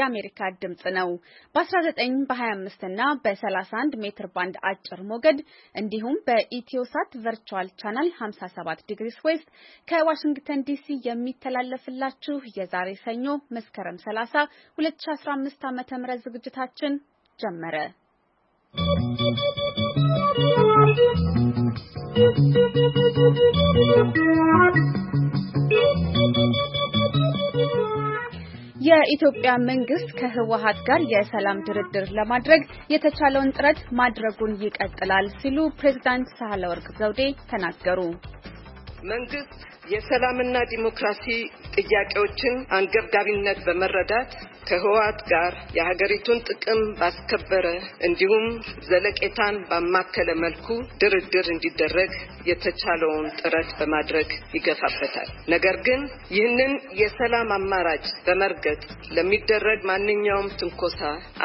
የአሜሪካ ድምጽ ነው። በ19 በ25 እና በ31 ሜትር ባንድ አጭር ሞገድ እንዲሁም በኢትዮሳት ቨርቹዋል ቻናል 57 ዲግሪስ ዌስት ከዋሽንግተን ዲሲ የሚተላለፍላችሁ የዛሬ ሰኞ መስከረም 30 2015 ዓ.ም ዝግጅታችን ጀመረ። ¶¶ የኢትዮጵያ መንግስት ከህወሀት ጋር የሰላም ድርድር ለማድረግ የተቻለውን ጥረት ማድረጉን ይቀጥላል ሲሉ ፕሬዚዳንት ሳህለወርቅ ዘውዴ ተናገሩ። መንግስት የሰላምና ዲሞክራሲ ጥያቄዎችን አንገብጋቢነት በመረዳት ከህወሓት ጋር የሀገሪቱን ጥቅም ባስከበረ እንዲሁም ዘለቄታን ባማከለ መልኩ ድርድር እንዲደረግ የተቻለውን ጥረት በማድረግ ይገፋበታል። ነገር ግን ይህንን የሰላም አማራጭ በመርገጥ ለሚደረግ ማንኛውም ትንኮሳ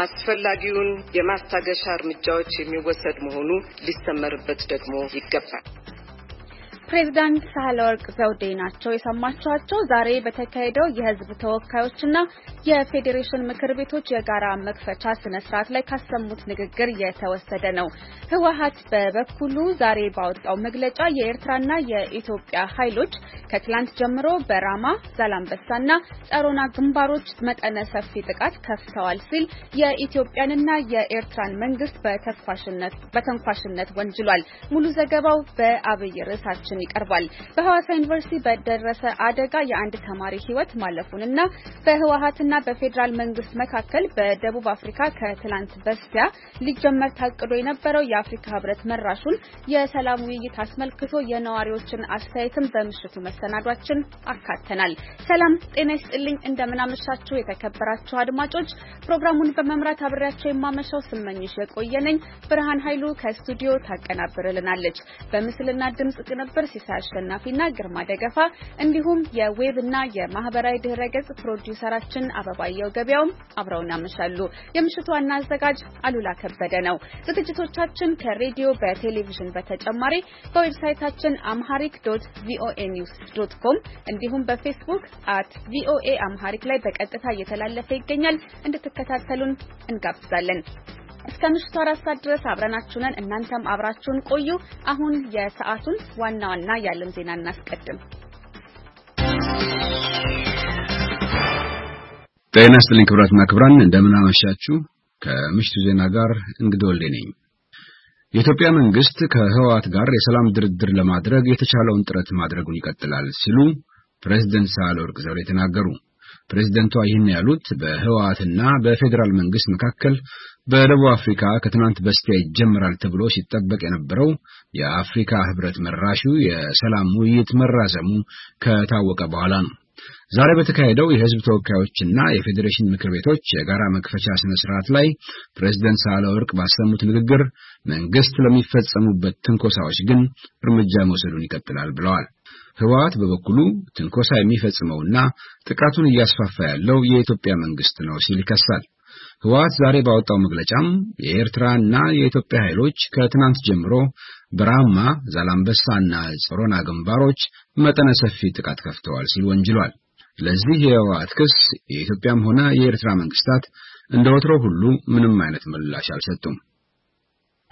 አስፈላጊውን የማስታገሻ እርምጃዎች የሚወሰድ መሆኑ ሊሰመርበት ደግሞ ይገባል። ፕሬዚዳንት ሳህለወርቅ ዘውዴ ናቸው የሰማችኋቸው። ዛሬ በተካሄደው የህዝብ ተወካዮችና የፌዴሬሽን ምክር ቤቶች የጋራ መክፈቻ ስነ ስርዓት ላይ ካሰሙት ንግግር የተወሰደ ነው። ህወሀት በበኩሉ ዛሬ ባወጣው መግለጫ የኤርትራና የኢትዮጵያ ኃይሎች ከትላንት ጀምሮ በራማ ዛላምበሳና ጸሮና ግንባሮች መጠነ ሰፊ ጥቃት ከፍተዋል ሲል የኢትዮጵያንና የኤርትራን መንግስት በተንኳሽነት ወንጅሏል። ሙሉ ዘገባው በአብይ ርዕሳችን ይቀርባል። በሐዋሳ ዩኒቨርሲቲ በደረሰ አደጋ የአንድ ተማሪ ሕይወት ማለፉንና በህወሀትና በፌዴራል መንግስት መካከል በደቡብ አፍሪካ ከትላንት በስቲያ ሊጀመር ታቅዶ የነበረው የአፍሪካ ህብረት መራሹን የሰላም ውይይት አስመልክቶ የነዋሪዎችን አስተያየትም በምሽቱ መሰናዷችን አካተናል። ሰላም ጤና ይስጥልኝ፣ እንደምናመሻችሁ የተከበራችሁ አድማጮች። ፕሮግራሙን በመምራት አብሬያቸው የማመሻው ስመኝሽ የቆየነኝ። ብርሃን ኃይሉ ከስቱዲዮ ታቀናብርልናለች። በምስልና ድምጽ ቅንብር ዲሬክተር ሲሳይ አሸናፊና ግርማ ደገፋ እንዲሁም የዌብ እና የማህበራዊ ገጽ ፕሮዲውሰራችን አበባየው ገበያውም አብረውን ያመሻሉ። የምሽቱ ዋና አዘጋጅ አሉላ ከበደ ነው። ዝግጅቶቻችን ከሬዲዮ በቴሌቪዥን በተጨማሪ በዌብሳይታችን አምሃሪክ ዶት ቪኦኤ ኒውስ ዶት ኮም እንዲሁም በፌስቡክ አት ቪኦኤ አምሃሪክ ላይ በቀጥታ እየተላለፈ ይገኛል። እንድትከታተሉን እንጋብዛለን። እስከ ምሽቱ አራት ሰዓት ድረስ አብረናችሁ ነን። እናንተም አብራችሁን ቆዩ። አሁን የሰዓቱን ዋና ዋና የዓለም ዜና እናስቀድም። ጤና ይስጥልኝ ክቡራትና ክቡራን፣ እንደምናመሻችሁ። ከምሽቱ ዜና ጋር እንግዳ ወልዴ ነኝ። የኢትዮጵያ መንግስት ከህወሓት ጋር የሰላም ድርድር ለማድረግ የተቻለውን ጥረት ማድረጉን ይቀጥላል ሲሉ ፕሬዝደንት ሳህለወርቅ ዘውዴ ተናገሩ። ፕሬዝደንቷ ይህን ያሉት በህወሓትና በፌዴራል መንግስት መካከል በደቡብ አፍሪካ ከትናንት በስቲያ ይጀምራል ተብሎ ሲጠበቅ የነበረው የአፍሪካ ህብረት መራሹ የሰላም ውይይት መራዘሙ ከታወቀ በኋላ ነው። ዛሬ በተካሄደው የህዝብ ተወካዮችና የፌዴሬሽን ምክር ቤቶች የጋራ መክፈቻ ስነ ስርዓት ላይ ፕሬዝደንት ሳህለወርቅ ባሰሙት ንግግር መንግስት ለሚፈጸሙበት ትንኮሳዎች ግን እርምጃ መውሰዱን ይቀጥላል ብለዋል። ህወሓት በበኩሉ ትንኮሳ የሚፈጽመውና ጥቃቱን እያስፋፋ ያለው የኢትዮጵያ መንግስት ነው ሲል ይከሳል። ህወሓት ዛሬ ባወጣው መግለጫም የኤርትራና የኢትዮጵያ ኃይሎች ከትናንት ጀምሮ በራማ፣ ዛላምበሳና ጾሮና ግንባሮች መጠነ ሰፊ ጥቃት ከፍተዋል ሲል ወንጅሏል። ለዚህ የህወሓት ክስ የኢትዮጵያም ሆነ የኤርትራ መንግስታት እንደ ወትሮ ሁሉ ምንም አይነት ምላሽ አልሰጡም።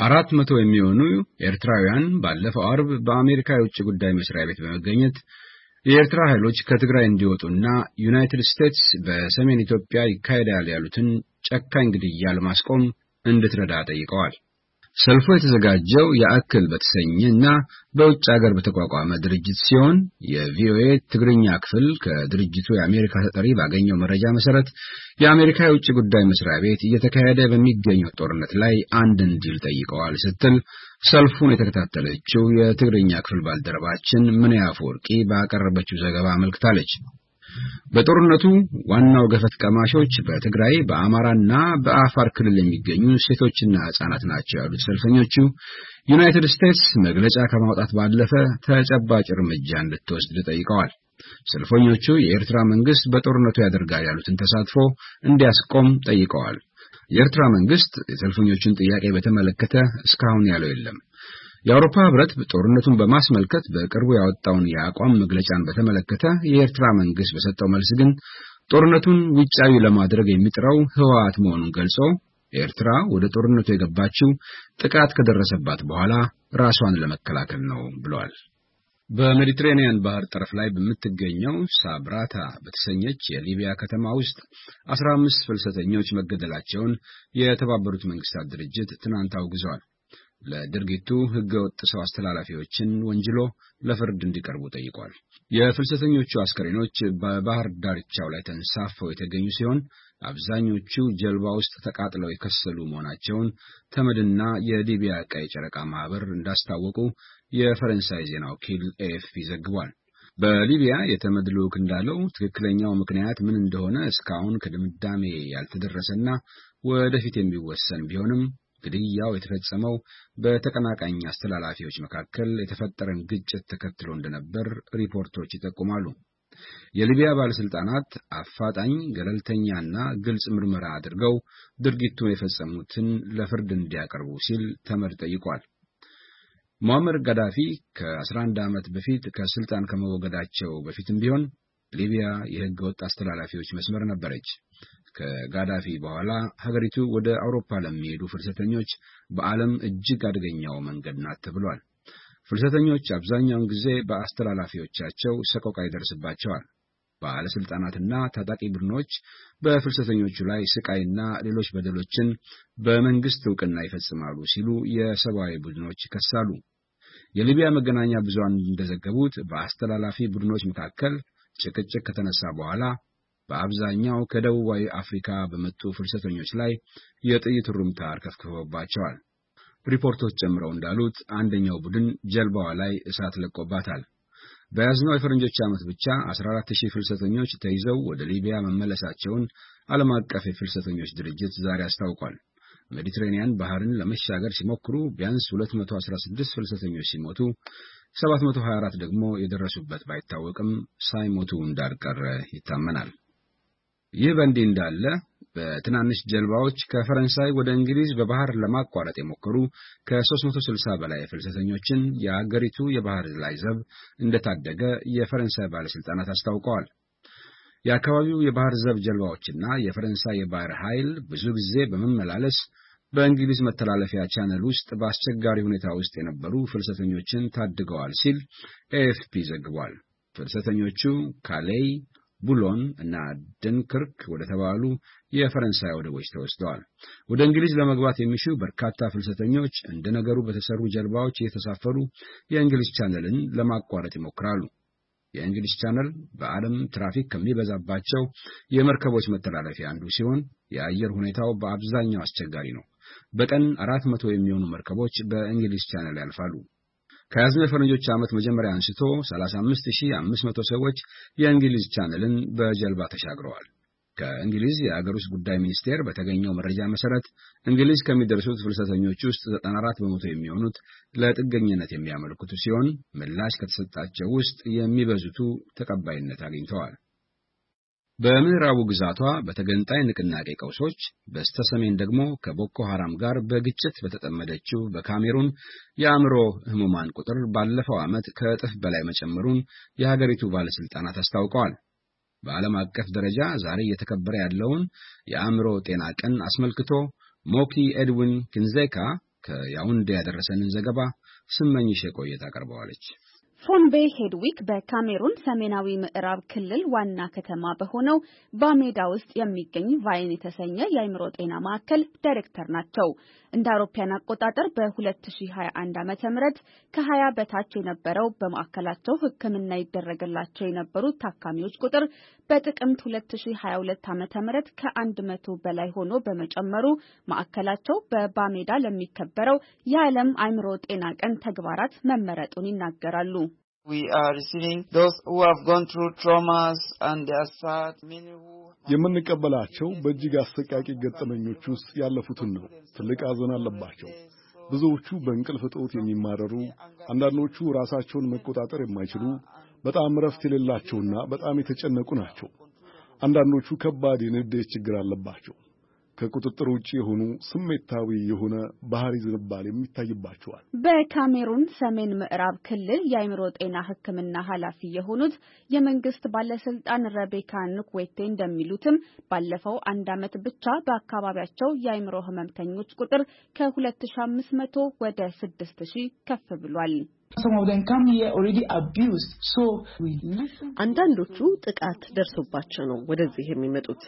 አራት መቶ የሚሆኑ ኤርትራውያን ባለፈው አርብ በአሜሪካ የውጭ ጉዳይ መስሪያ ቤት በመገኘት የኤርትራ ኃይሎች ከትግራይ እንዲወጡና ዩናይትድ ስቴትስ በሰሜን ኢትዮጵያ ይካሄዳል ያሉትን ጨካኝ ግድያ ለማስቆም እንድትረዳ ጠይቀዋል። ሰልፉ የተዘጋጀው የአክል በተሰኘና በውጭ ሀገር በተቋቋመ ድርጅት ሲሆን የቪኦኤ ትግርኛ ክፍል ከድርጅቱ የአሜሪካ ተጠሪ ባገኘው መረጃ መሰረት የአሜሪካ የውጭ ጉዳይ መስሪያ ቤት እየተካሄደ በሚገኘው ጦርነት ላይ አንድ እንዲል ጠይቀዋል ስትል ሰልፉን የተከታተለችው የትግርኛ ክፍል ባልደረባችን ምንያ ወርቂ ባቀረበችው ዘገባ አመልክታለች። በጦርነቱ ዋናው ገፈት ቀማሾች በትግራይ በአማራና በአፋር ክልል የሚገኙ ሴቶችና ህጻናት ናቸው ያሉት ሰልፈኞቹ ዩናይትድ ስቴትስ መግለጫ ከማውጣት ባለፈ ተጨባጭ እርምጃ እንድትወስድ ጠይቀዋል። ሰልፈኞቹ የኤርትራ መንግስት በጦርነቱ ያደርጋል ያሉትን ተሳትፎ እንዲያስቆም ጠይቀዋል። የኤርትራ መንግስት የሰልፈኞቹን ጥያቄ በተመለከተ እስካሁን ያለው የለም። የአውሮፓ ህብረት ጦርነቱን በማስመልከት በቅርቡ ያወጣውን የአቋም መግለጫን በተመለከተ የኤርትራ መንግስት በሰጠው መልስ ግን ጦርነቱን ውጫዊ ለማድረግ የሚጥረው ህወሓት መሆኑን ገልጾ ኤርትራ ወደ ጦርነቱ የገባችው ጥቃት ከደረሰባት በኋላ ራሷን ለመከላከል ነው ብሏል። በሜዲትሬኒያን ባህር ጠረፍ ላይ በምትገኘው ሳብራታ በተሰኘች የሊቢያ ከተማ ውስጥ አስራ አምስት ፍልሰተኞች መገደላቸውን የተባበሩት መንግስታት ድርጅት ትናንት አውግዘዋል። ለድርጊቱ ህገወጥ ሰው አስተላላፊዎችን ወንጅሎ ለፍርድ እንዲቀርቡ ጠይቋል። የፍልሰተኞቹ አስከሬኖች በባህር ዳርቻው ላይ ተንሳፈው የተገኙ ሲሆን አብዛኞቹ ጀልባ ውስጥ ተቃጥለው የከሰሉ መሆናቸውን ተመድና የሊቢያ ቀይ ጨረቃ ማህበር እንዳስታወቁ የፈረንሳይ ዜና ወኪል ኤኤፍፒ ዘግቧል። በሊቢያ የተመድ ልዑክ እንዳለው ትክክለኛው ምክንያት ምን እንደሆነ እስካሁን ከድምዳሜ ያልተደረሰና ወደፊት የሚወሰን ቢሆንም ግድያው የተፈጸመው በተቀናቃኝ አስተላላፊዎች መካከል የተፈጠረን ግጭት ተከትሎ እንደነበር ሪፖርቶች ይጠቁማሉ። የሊቢያ ባለስልጣናት አፋጣኝ ገለልተኛና ግልጽ ምርመራ አድርገው ድርጊቱን የፈጸሙትን ለፍርድ እንዲያቀርቡ ሲል ተመድ ጠይቋል። ሞሐመር ጋዳፊ ከ11 ዓመት በፊት ከስልጣን ከመወገዳቸው በፊትም ቢሆን ሊቢያ የሕገ ወጥ አስተላላፊዎች መስመር ነበረች። ከጋዳፊ በኋላ ሀገሪቱ ወደ አውሮፓ ለሚሄዱ ፍልሰተኞች በዓለም እጅግ አደገኛው መንገድ ናት ተብሏል። ፍልሰተኞች አብዛኛውን ጊዜ በአስተላላፊዎቻቸው ሰቆቃ ይደርስባቸዋል። ባለሥልጣናትና ታጣቂ ቡድኖች በፍልሰተኞቹ ላይ ስቃይና ሌሎች በደሎችን በመንግሥት ዕውቅና ይፈጽማሉ ሲሉ የሰብአዊ ቡድኖች ይከሳሉ። የሊቢያ መገናኛ ብዙሃን እንደዘገቡት በአስተላላፊ ቡድኖች መካከል ጭቅጭቅ ከተነሳ በኋላ በአብዛኛው ከደቡባዊ አፍሪካ በመጡ ፍልሰተኞች ላይ የጥይት ሩምታ አርከፍክፎባቸዋል። ሪፖርቶች ጨምረው እንዳሉት አንደኛው ቡድን ጀልባዋ ላይ እሳት ለቆባታል። በያዝነው የፈረንጆች ዓመት ብቻ 14000 ፍልሰተኞች ተይዘው ወደ ሊቢያ መመለሳቸውን ዓለም አቀፍ የፍልሰተኞች ድርጅት ዛሬ አስታውቋል። ሜዲትሬንያን ባህርን ለመሻገር ሲሞክሩ ቢያንስ 216 ፍልሰተኞች ሲሞቱ 724 ደግሞ የደረሱበት ባይታወቅም ሳይሞቱ እንዳልቀረ ይታመናል። ይህ በእንዲህ እንዳለ በትናንሽ ጀልባዎች ከፈረንሳይ ወደ እንግሊዝ በባህር ለማቋረጥ የሞከሩ ከ360 በላይ ፍልሰተኞችን የአገሪቱ የባህር ላይ ዘብ እንደታደገ የፈረንሳይ ባለሥልጣናት አስታውቀዋል። የአካባቢው የባህር ዘብ ጀልባዎችና የፈረንሳይ የባህር ኃይል ብዙ ጊዜ በመመላለስ በእንግሊዝ መተላለፊያ ቻነል ውስጥ በአስቸጋሪ ሁኔታ ውስጥ የነበሩ ፍልሰተኞችን ታድገዋል ሲል ኤኤፍፒ ዘግቧል። ፍልሰተኞቹ ካሌይ ቡሎን እና ደንክርክ ወደ ተባሉ የፈረንሳይ ወደቦች ተወስደዋል። ወደ እንግሊዝ ለመግባት የሚሹ በርካታ ፍልሰተኞች እንደ ነገሩ በተሰሩ ጀልባዎች እየተሳፈሩ የእንግሊዝ ቻነልን ለማቋረጥ ይሞክራሉ። የእንግሊዝ ቻነል በዓለም ትራፊክ ከሚበዛባቸው የመርከቦች መተላለፊያ አንዱ ሲሆን የአየር ሁኔታው በአብዛኛው አስቸጋሪ ነው። በቀን አራት መቶ የሚሆኑ መርከቦች በእንግሊዝ ቻነል ያልፋሉ። ከያዝነው የፈረንጆች ዓመት መጀመሪያ አንስቶ 35500 ሰዎች የእንግሊዝ ቻናልን በጀልባ ተሻግረዋል። ከእንግሊዝ የአገር ውስጥ ጉዳይ ሚኒስቴር በተገኘው መረጃ መሰረት እንግሊዝ ከሚደርሱት ፍልሰተኞች ውስጥ 94 በመቶ የሚሆኑት ለጥገኝነት የሚያመለክቱ ሲሆን ምላሽ ከተሰጣቸው ውስጥ የሚበዙቱ ተቀባይነት አግኝተዋል። በምዕራቡ ግዛቷ በተገንጣይ ንቅናቄ ቀውሶች፣ በስተ ሰሜን ደግሞ ከቦኮ ሐራም ጋር በግጭት በተጠመደችው በካሜሩን የአእምሮ ሕሙማን ቁጥር ባለፈው ዓመት ከእጥፍ በላይ መጨመሩን የሀገሪቱ ባለሥልጣናት አስታውቀዋል። በዓለም አቀፍ ደረጃ ዛሬ እየተከበረ ያለውን የአእምሮ ጤና ቀን አስመልክቶ ሞኪ ኤድዊን ክንዜካ ከያውንዴ ያደረሰንን ዘገባ ስመኝሽ የቆየት አቀርበዋለች። ፎንቤ ሄድዊክ በካሜሩን ሰሜናዊ ምዕራብ ክልል ዋና ከተማ በሆነው ባሜዳ ውስጥ የሚገኝ ቫይን የተሰኘ የአይምሮ ጤና ማዕከል ዳይሬክተር ናቸው። እንደ አውሮፓያን አቆጣጠር በ2021 ዓ ም ከ20 በታች የነበረው በማዕከላቸው ሕክምና ይደረግላቸው የነበሩ ታካሚዎች ቁጥር በጥቅምት 2022 ዓ.ም ከ100 በላይ ሆኖ በመጨመሩ ማዕከላቸው በባሜዳ ለሚከበረው የዓለም አእምሮ ጤና ቀን ተግባራት መመረጡን ይናገራሉ። የምንቀበላቸው በእጅግ አሰቃቂ ገጠመኞች ውስጥ ያለፉትን ነው። ትልቅ ሐዘን አለባቸው። ብዙዎቹ በእንቅልፍ እጦት የሚማረሩ፣ አንዳንዶቹ ራሳቸውን መቆጣጠር የማይችሉ በጣም ረፍት የሌላቸውና በጣም የተጨነቁ ናቸው። አንዳንዶቹ ከባድ የንዴት ችግር አለባቸው። ከቁጥጥር ውጭ የሆኑ ስሜታዊ የሆነ ባህሪ ዝንባል የሚታይባቸዋል። በካሜሩን ሰሜን ምዕራብ ክልል የአእምሮ ጤና ሕክምና ኃላፊ የሆኑት የመንግስት ባለስልጣን ረቤካ ንኩዌቴ እንደሚሉትም ባለፈው አንድ ዓመት ብቻ በአካባቢያቸው የአእምሮ ህመምተኞች ቁጥር ከ2500 ወደ 6000 ከፍ ብሏል። አንዳንዶቹ ጥቃት ደርሶባቸው ነው ወደዚህ የሚመጡት።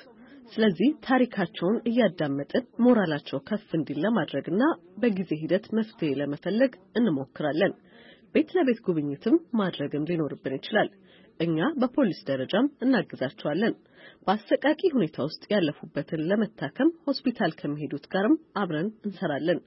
ስለዚህ ታሪካቸውን እያዳመጥን ሞራላቸው ከፍ እንዲል ለማድረግና በጊዜ ሂደት መፍትሄ ለመፈለግ እንሞክራለን። ቤት ለቤት ጉብኝትም ማድረግም ሊኖርብን ይችላል። እኛ በፖሊስ ደረጃም እናግዛቸዋለን። በአሰቃቂ ሁኔታ ውስጥ ያለፉበትን ለመታከም ሆስፒታል ከሚሄዱት ጋርም አብረን እንሰራለን።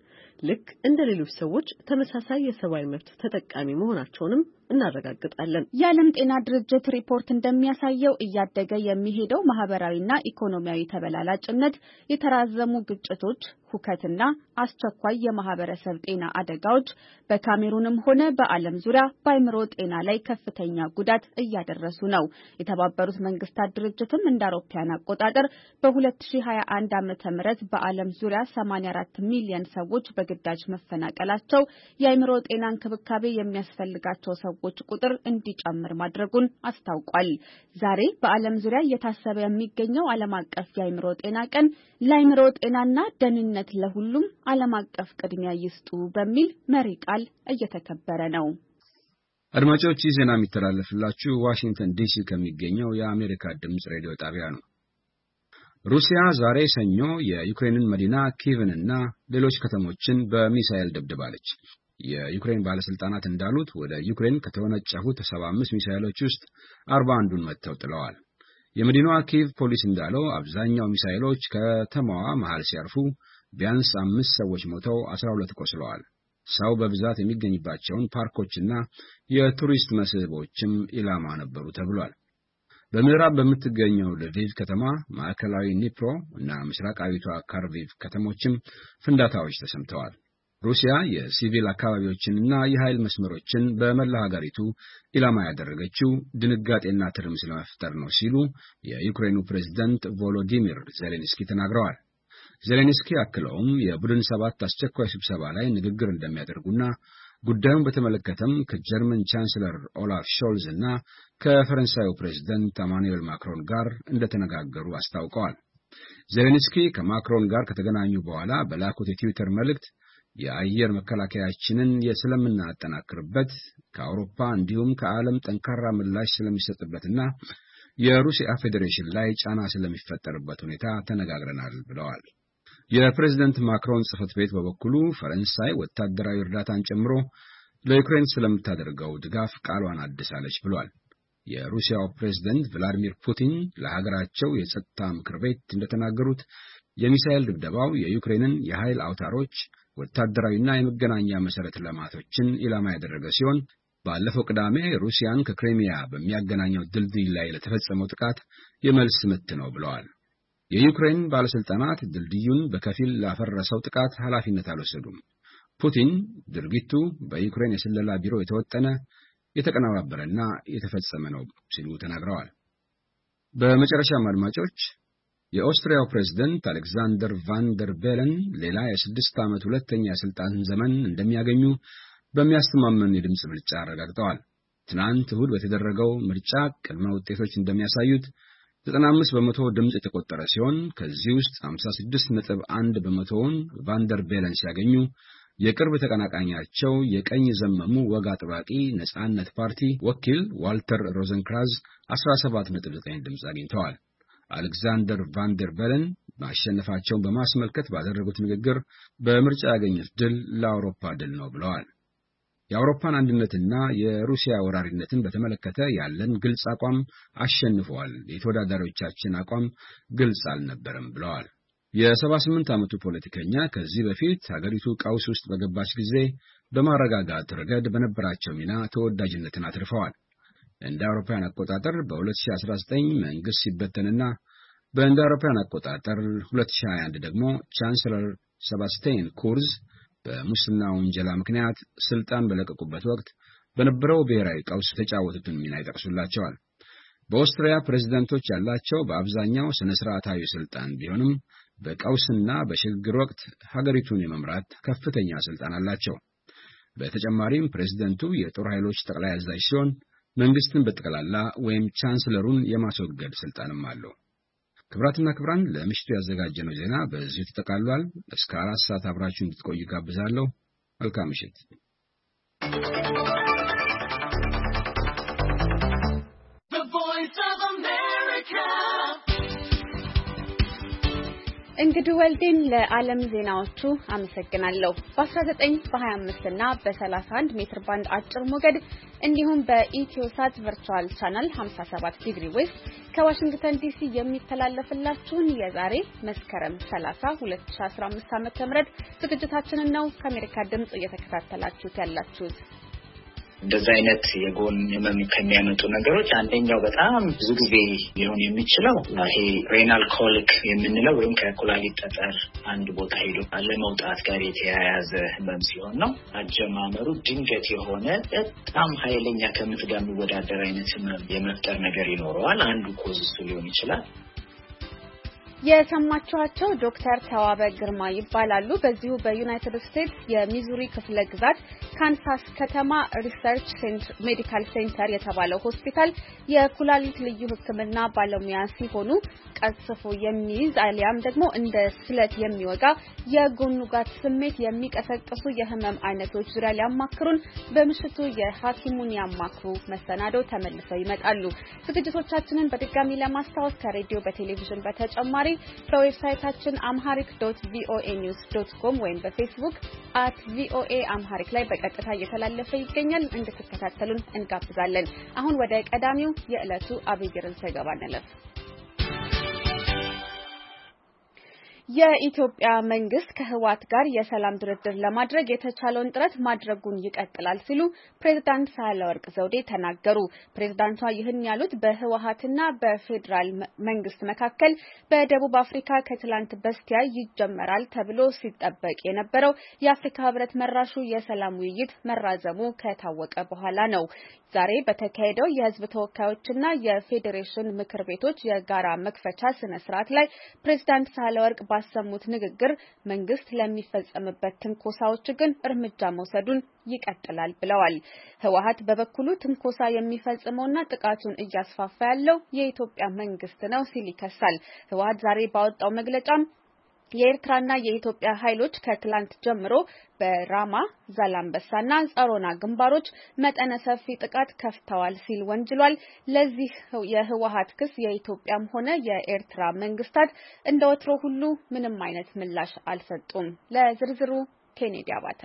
ልክ እንደ ሌሎች ሰዎች ተመሳሳይ የሰብአዊ መብት ተጠቃሚ መሆናቸውንም እናረጋግጣለን። የዓለም ጤና ድርጅት ሪፖርት እንደሚያሳየው እያደገ የሚሄደው ማህበራዊና ኢኮኖሚያዊ ተበላላጭነት፣ የተራዘሙ ግጭቶች፣ ሁከትና አስቸኳይ የማህበረሰብ ጤና አደጋዎች በካሜሩንም ሆነ በዓለም ዙሪያ በአይምሮ ጤና ላይ ከፍተኛ ጉዳት እያደረሱ ነው። የተባበሩት መንግስታት ድርጅትም እንደ አውሮፓውያን አቆጣጠር በ2021 ዓ ም በዓለም ዙሪያ 84 ሚሊዮን ሰዎች በግዳጅ መፈናቀላቸው የአይምሮ ጤና እንክብካቤ የሚያስፈልጋቸው ሰዎች ሰዎች ቁጥር እንዲጨምር ማድረጉን አስታውቋል። ዛሬ በዓለም ዙሪያ እየታሰበ የሚገኘው ዓለም አቀፍ የአእምሮ ጤና ቀን ለአእምሮ ጤናና ደህንነት ለሁሉም ዓለም አቀፍ ቅድሚያ ይስጡ በሚል መሪ ቃል እየተከበረ ነው። አድማጮች ይህ ዜና የሚተላለፍላችሁ ዋሽንግተን ዲሲ ከሚገኘው የአሜሪካ ድምፅ ሬዲዮ ጣቢያ ነው። ሩሲያ ዛሬ ሰኞ የዩክሬንን መዲና ኪቭን እና ሌሎች ከተሞችን በሚሳኤል ደብድባለች። የዩክሬን ባለስልጣናት እንዳሉት ወደ ዩክሬን ከተወነጨፉት 75 ሚሳይሎች ውስጥ 41ዱን መጥተው ጥለዋል። የመዲናዋ ኪየቭ ፖሊስ እንዳለው አብዛኛው ሚሳይሎች ከተማዋ መሃል ሲያርፉ ቢያንስ አምስት ሰዎች ሞተው 12 ቆስለዋል። ሰው በብዛት የሚገኝባቸውን ፓርኮችና የቱሪስት መስህቦችም ኢላማ ነበሩ ተብሏል። በምዕራብ በምትገኘው ልቪቭ ከተማ፣ ማዕከላዊ ኒፕሮ እና ምስራቃዊቷ ካርቪቭ ከተሞችም ፍንዳታዎች ተሰምተዋል። ሩሲያ የሲቪል አካባቢዎችንና የኃይል መስመሮችን በመላ ሀገሪቱ ኢላማ ያደረገችው ድንጋጤና ትርምስ ለመፍጠር ነው ሲሉ የዩክሬኑ ፕሬዝደንት ቮሎዲሚር ዜሌንስኪ ተናግረዋል። ዜሌንስኪ አክለውም የቡድን ሰባት አስቸኳይ ስብሰባ ላይ ንግግር እንደሚያደርጉና ጉዳዩን በተመለከተም ከጀርመን ቻንስለር ኦላፍ ሾልዝ እና ከፈረንሳዩ ፕሬዝደንት አማኑኤል ማክሮን ጋር እንደተነጋገሩ አስታውቀዋል። ዜሌንስኪ ከማክሮን ጋር ከተገናኙ በኋላ በላኩት የትዊተር መልእክት የአየር መከላከያችንን ስለምናጠናክርበት ከአውሮፓ እንዲሁም ከዓለም ጠንካራ ምላሽ ስለሚሰጥበትና የሩሲያ ፌዴሬሽን ላይ ጫና ስለሚፈጠርበት ሁኔታ ተነጋግረናል ብለዋል። የፕሬዝደንት ማክሮን ጽህፈት ቤት በበኩሉ ፈረንሳይ ወታደራዊ እርዳታን ጨምሮ ለዩክሬን ስለምታደርገው ድጋፍ ቃሏን አድሳለች ብሏል። የሩሲያው ፕሬዝደንት ቭላዲሚር ፑቲን ለሀገራቸው የጸጥታ ምክር ቤት እንደተናገሩት የሚሳኤል ድብደባው የዩክሬንን የኃይል አውታሮች ወታደራዊና የመገናኛ መሠረተ ልማቶችን ኢላማ ያደረገ ሲሆን ባለፈው ቅዳሜ ሩሲያን ከክሬሚያ በሚያገናኘው ድልድይ ላይ ለተፈጸመው ጥቃት የመልስ ምት ነው ብለዋል። የዩክሬን ባለሥልጣናት ድልድዩን በከፊል ላፈረሰው ጥቃት ኃላፊነት አልወሰዱም። ፑቲን ድርጊቱ በዩክሬን የስለላ ቢሮ የተወጠነ የተቀነባበረና የተፈጸመ ነው ሲሉ ተናግረዋል። በመጨረሻም አድማጮች የኦስትሪያው ፕሬዝደንት አሌክዛንደር ቫንደር ቤለን ሌላ የስድስት ዓመት ሁለተኛ የሥልጣን ዘመን እንደሚያገኙ በሚያስተማመን የድምፅ ምርጫ አረጋግጠዋል። ትናንት እሁድ በተደረገው ምርጫ ቅድመ ውጤቶች እንደሚያሳዩት 95 በመቶ ድምፅ የተቆጠረ ሲሆን ከዚህ ውስጥ 56 ነጥብ 1 በመቶውን ቫንደር ቤለን ሲያገኙ የቅርብ ተቀናቃኛቸው የቀኝ ዘመሙ ወግ አጥባቂ ነጻነት ፓርቲ ወኪል ዋልተር ሮዘንክራዝ 17 ነጥብ 9 ድምፅ አግኝተዋል። አሌክዛንደር ቫንደር በለን ማሸነፋቸውን በማስመልከት ባደረጉት ንግግር በምርጫ ያገኙት ድል ለአውሮፓ ድል ነው ብለዋል። የአውሮፓን አንድነትና የሩሲያ ወራሪነትን በተመለከተ ያለን ግልጽ አቋም አሸንፈዋል፣ የተወዳዳሪዎቻችን አቋም ግልጽ አልነበረም ብለዋል። የ78 ዓመቱ ፖለቲከኛ ከዚህ በፊት ሀገሪቱ ቀውስ ውስጥ በገባች ጊዜ በማረጋጋት ረገድ በነበራቸው ሚና ተወዳጅነትን አትርፈዋል። እንደ አውሮፓውያን አቆጣጠር በ2019 መንግስት ሲበተንና በእንደ አውሮፓውያን አቆጣጠር 2021 ደግሞ ቻንስለር ሰባስቴን ኩርዝ በሙስና ውንጀላ ምክንያት ስልጣን በለቀቁበት ወቅት በነበረው ብሔራዊ ቀውስ ተጫወቱትን ሚና ይጠቅሱላቸዋል። በኦስትሪያ ፕሬዝደንቶች ያላቸው በአብዛኛው ስነ ስርዓታዊ ስልጣን ቢሆንም በቀውስና በሽግግር ወቅት ሀገሪቱን የመምራት ከፍተኛ ስልጣን አላቸው። በተጨማሪም ፕሬዝደንቱ የጦር ኃይሎች ጠቅላይ አዛዥ ሲሆን መንግስትን በጠቅላላ ወይም ቻንስለሩን የማስወገድ ስልጣንም አለው። ክብራትና ክብራን ለምሽቱ ያዘጋጀነው ዜና በዚሁ ተጠቃልሏል። እስከ አራት ሰዓት አብራችሁ እንድትቆዩ ጋብዛለሁ። መልካም ምሽት። እንግዲህ ወልዴን ለዓለም ዜናዎቹ አመሰግናለሁ። በ19 በ25 እና በ31 ሜትር ባንድ አጭር ሞገድ እንዲሁም በኢትዮሳት ቨርቹዋል ቻናል 57 ዲግሪ ዌስት ከዋሽንግተን ዲሲ የሚተላለፍላችሁን የዛሬ መስከረም 30 2015 ዓ.ም ዝግጅታችንን ነው ከአሜሪካ ድምጽ እየተከታተላችሁት ያላችሁት። እንደዚህ አይነት የጎን ህመም ከሚያመጡ ነገሮች አንደኛው በጣም ብዙ ጊዜ ሊሆን የሚችለው ይሄ ሬናል የምንለው ወይም ከኩላሊት ጠጠር አንድ ቦታ ሄዶ ለመውጣት ጋር የተያያዘ ህመም ሲሆን ነው። አጀማመሩ ድንገት የሆነ በጣም ኃይለኛ ከምት ጋር የሚወዳደር አይነት ህመም የመፍጠር ነገር ይኖረዋል። አንዱ ኮዝ እሱ ሊሆን ይችላል። የሰማችኋቸው ዶክተር ተዋበ ግርማ ይባላሉ። በዚሁ በዩናይትድ ስቴትስ የሚዙሪ ክፍለ ግዛት ካንሳስ ከተማ ሪሰርች ሜዲካል ሴንተር የተባለው ሆስፒታል የኩላሊት ልዩ ሕክምና ባለሙያ ሲሆኑ ቀጽፎ የሚይዝ አሊያም ደግሞ እንደ ስለት የሚወጋ የጎኑጋት ስሜት የሚቀሰቅሱ የህመም አይነቶች ዙሪያ ሊያማክሩን በምሽቱ የሐኪሙን ያማክሩ መሰናዶ ተመልሰው ይመጣሉ። ዝግጅቶቻችንን በድጋሚ ለማስታወስ ከሬዲዮ በቴሌቪዥን በተጨማሪ በዌብሳይታችን አምሃሪክ ዶት ቪኦኤ ኒውስ ዶት ኮም ወይም በፌስቡክ አት ቪኦኤ አምሃሪክ ላይ በቀ በቀጥታ እየተላለፈ ይገኛል። እንድትከታተሉን እንጋብዛለን። አሁን ወደ ቀዳሚው የዕለቱ አብይ ርዕስ ዘገባ እንለፍ። የኢትዮጵያ መንግስት ከህወሓት ጋር የሰላም ድርድር ለማድረግ የተቻለውን ጥረት ማድረጉን ይቀጥላል ሲሉ ፕሬዝዳንት ሳህለወርቅ ዘውዴ ተናገሩ። ፕሬዝዳንቷ ይህን ያሉት በህወሓትና በፌዴራል መንግስት መካከል በደቡብ አፍሪካ ከትላንት በስቲያ ይጀመራል ተብሎ ሲጠበቅ የነበረው የአፍሪካ ህብረት መራሹ የሰላም ውይይት መራዘሙ ከታወቀ በኋላ ነው። ዛሬ በተካሄደው የህዝብ ተወካዮችና የፌዴሬሽን ምክር ቤቶች የጋራ መክፈቻ ስነ ስርዓት ላይ ፕሬዝዳንት ሳህለወርቅ ባሰሙት ንግግር መንግስት ለሚፈጸምበት ትንኮሳዎች ግን እርምጃ መውሰዱን ይቀጥላል ብለዋል። ህወሀት በበኩሉ ትንኮሳ የሚፈጽመውና ጥቃቱን እያስፋፋ ያለው የኢትዮጵያ መንግስት ነው ሲል ይከሳል። ህወሀት ዛሬ ባወጣው መግለጫም የኤርትራና የኢትዮጵያ ኃይሎች ከትላንት ጀምሮ በራማ ዛላምበሳና ጸሮና ግንባሮች መጠነ ሰፊ ጥቃት ከፍተዋል ሲል ወንጅሏል። ለዚህ የህወሀት ክስ የኢትዮጵያም ሆነ የኤርትራ መንግስታት እንደ ወትሮ ሁሉ ምንም አይነት ምላሽ አልሰጡም። ለዝርዝሩ ኬኔዲ አባተ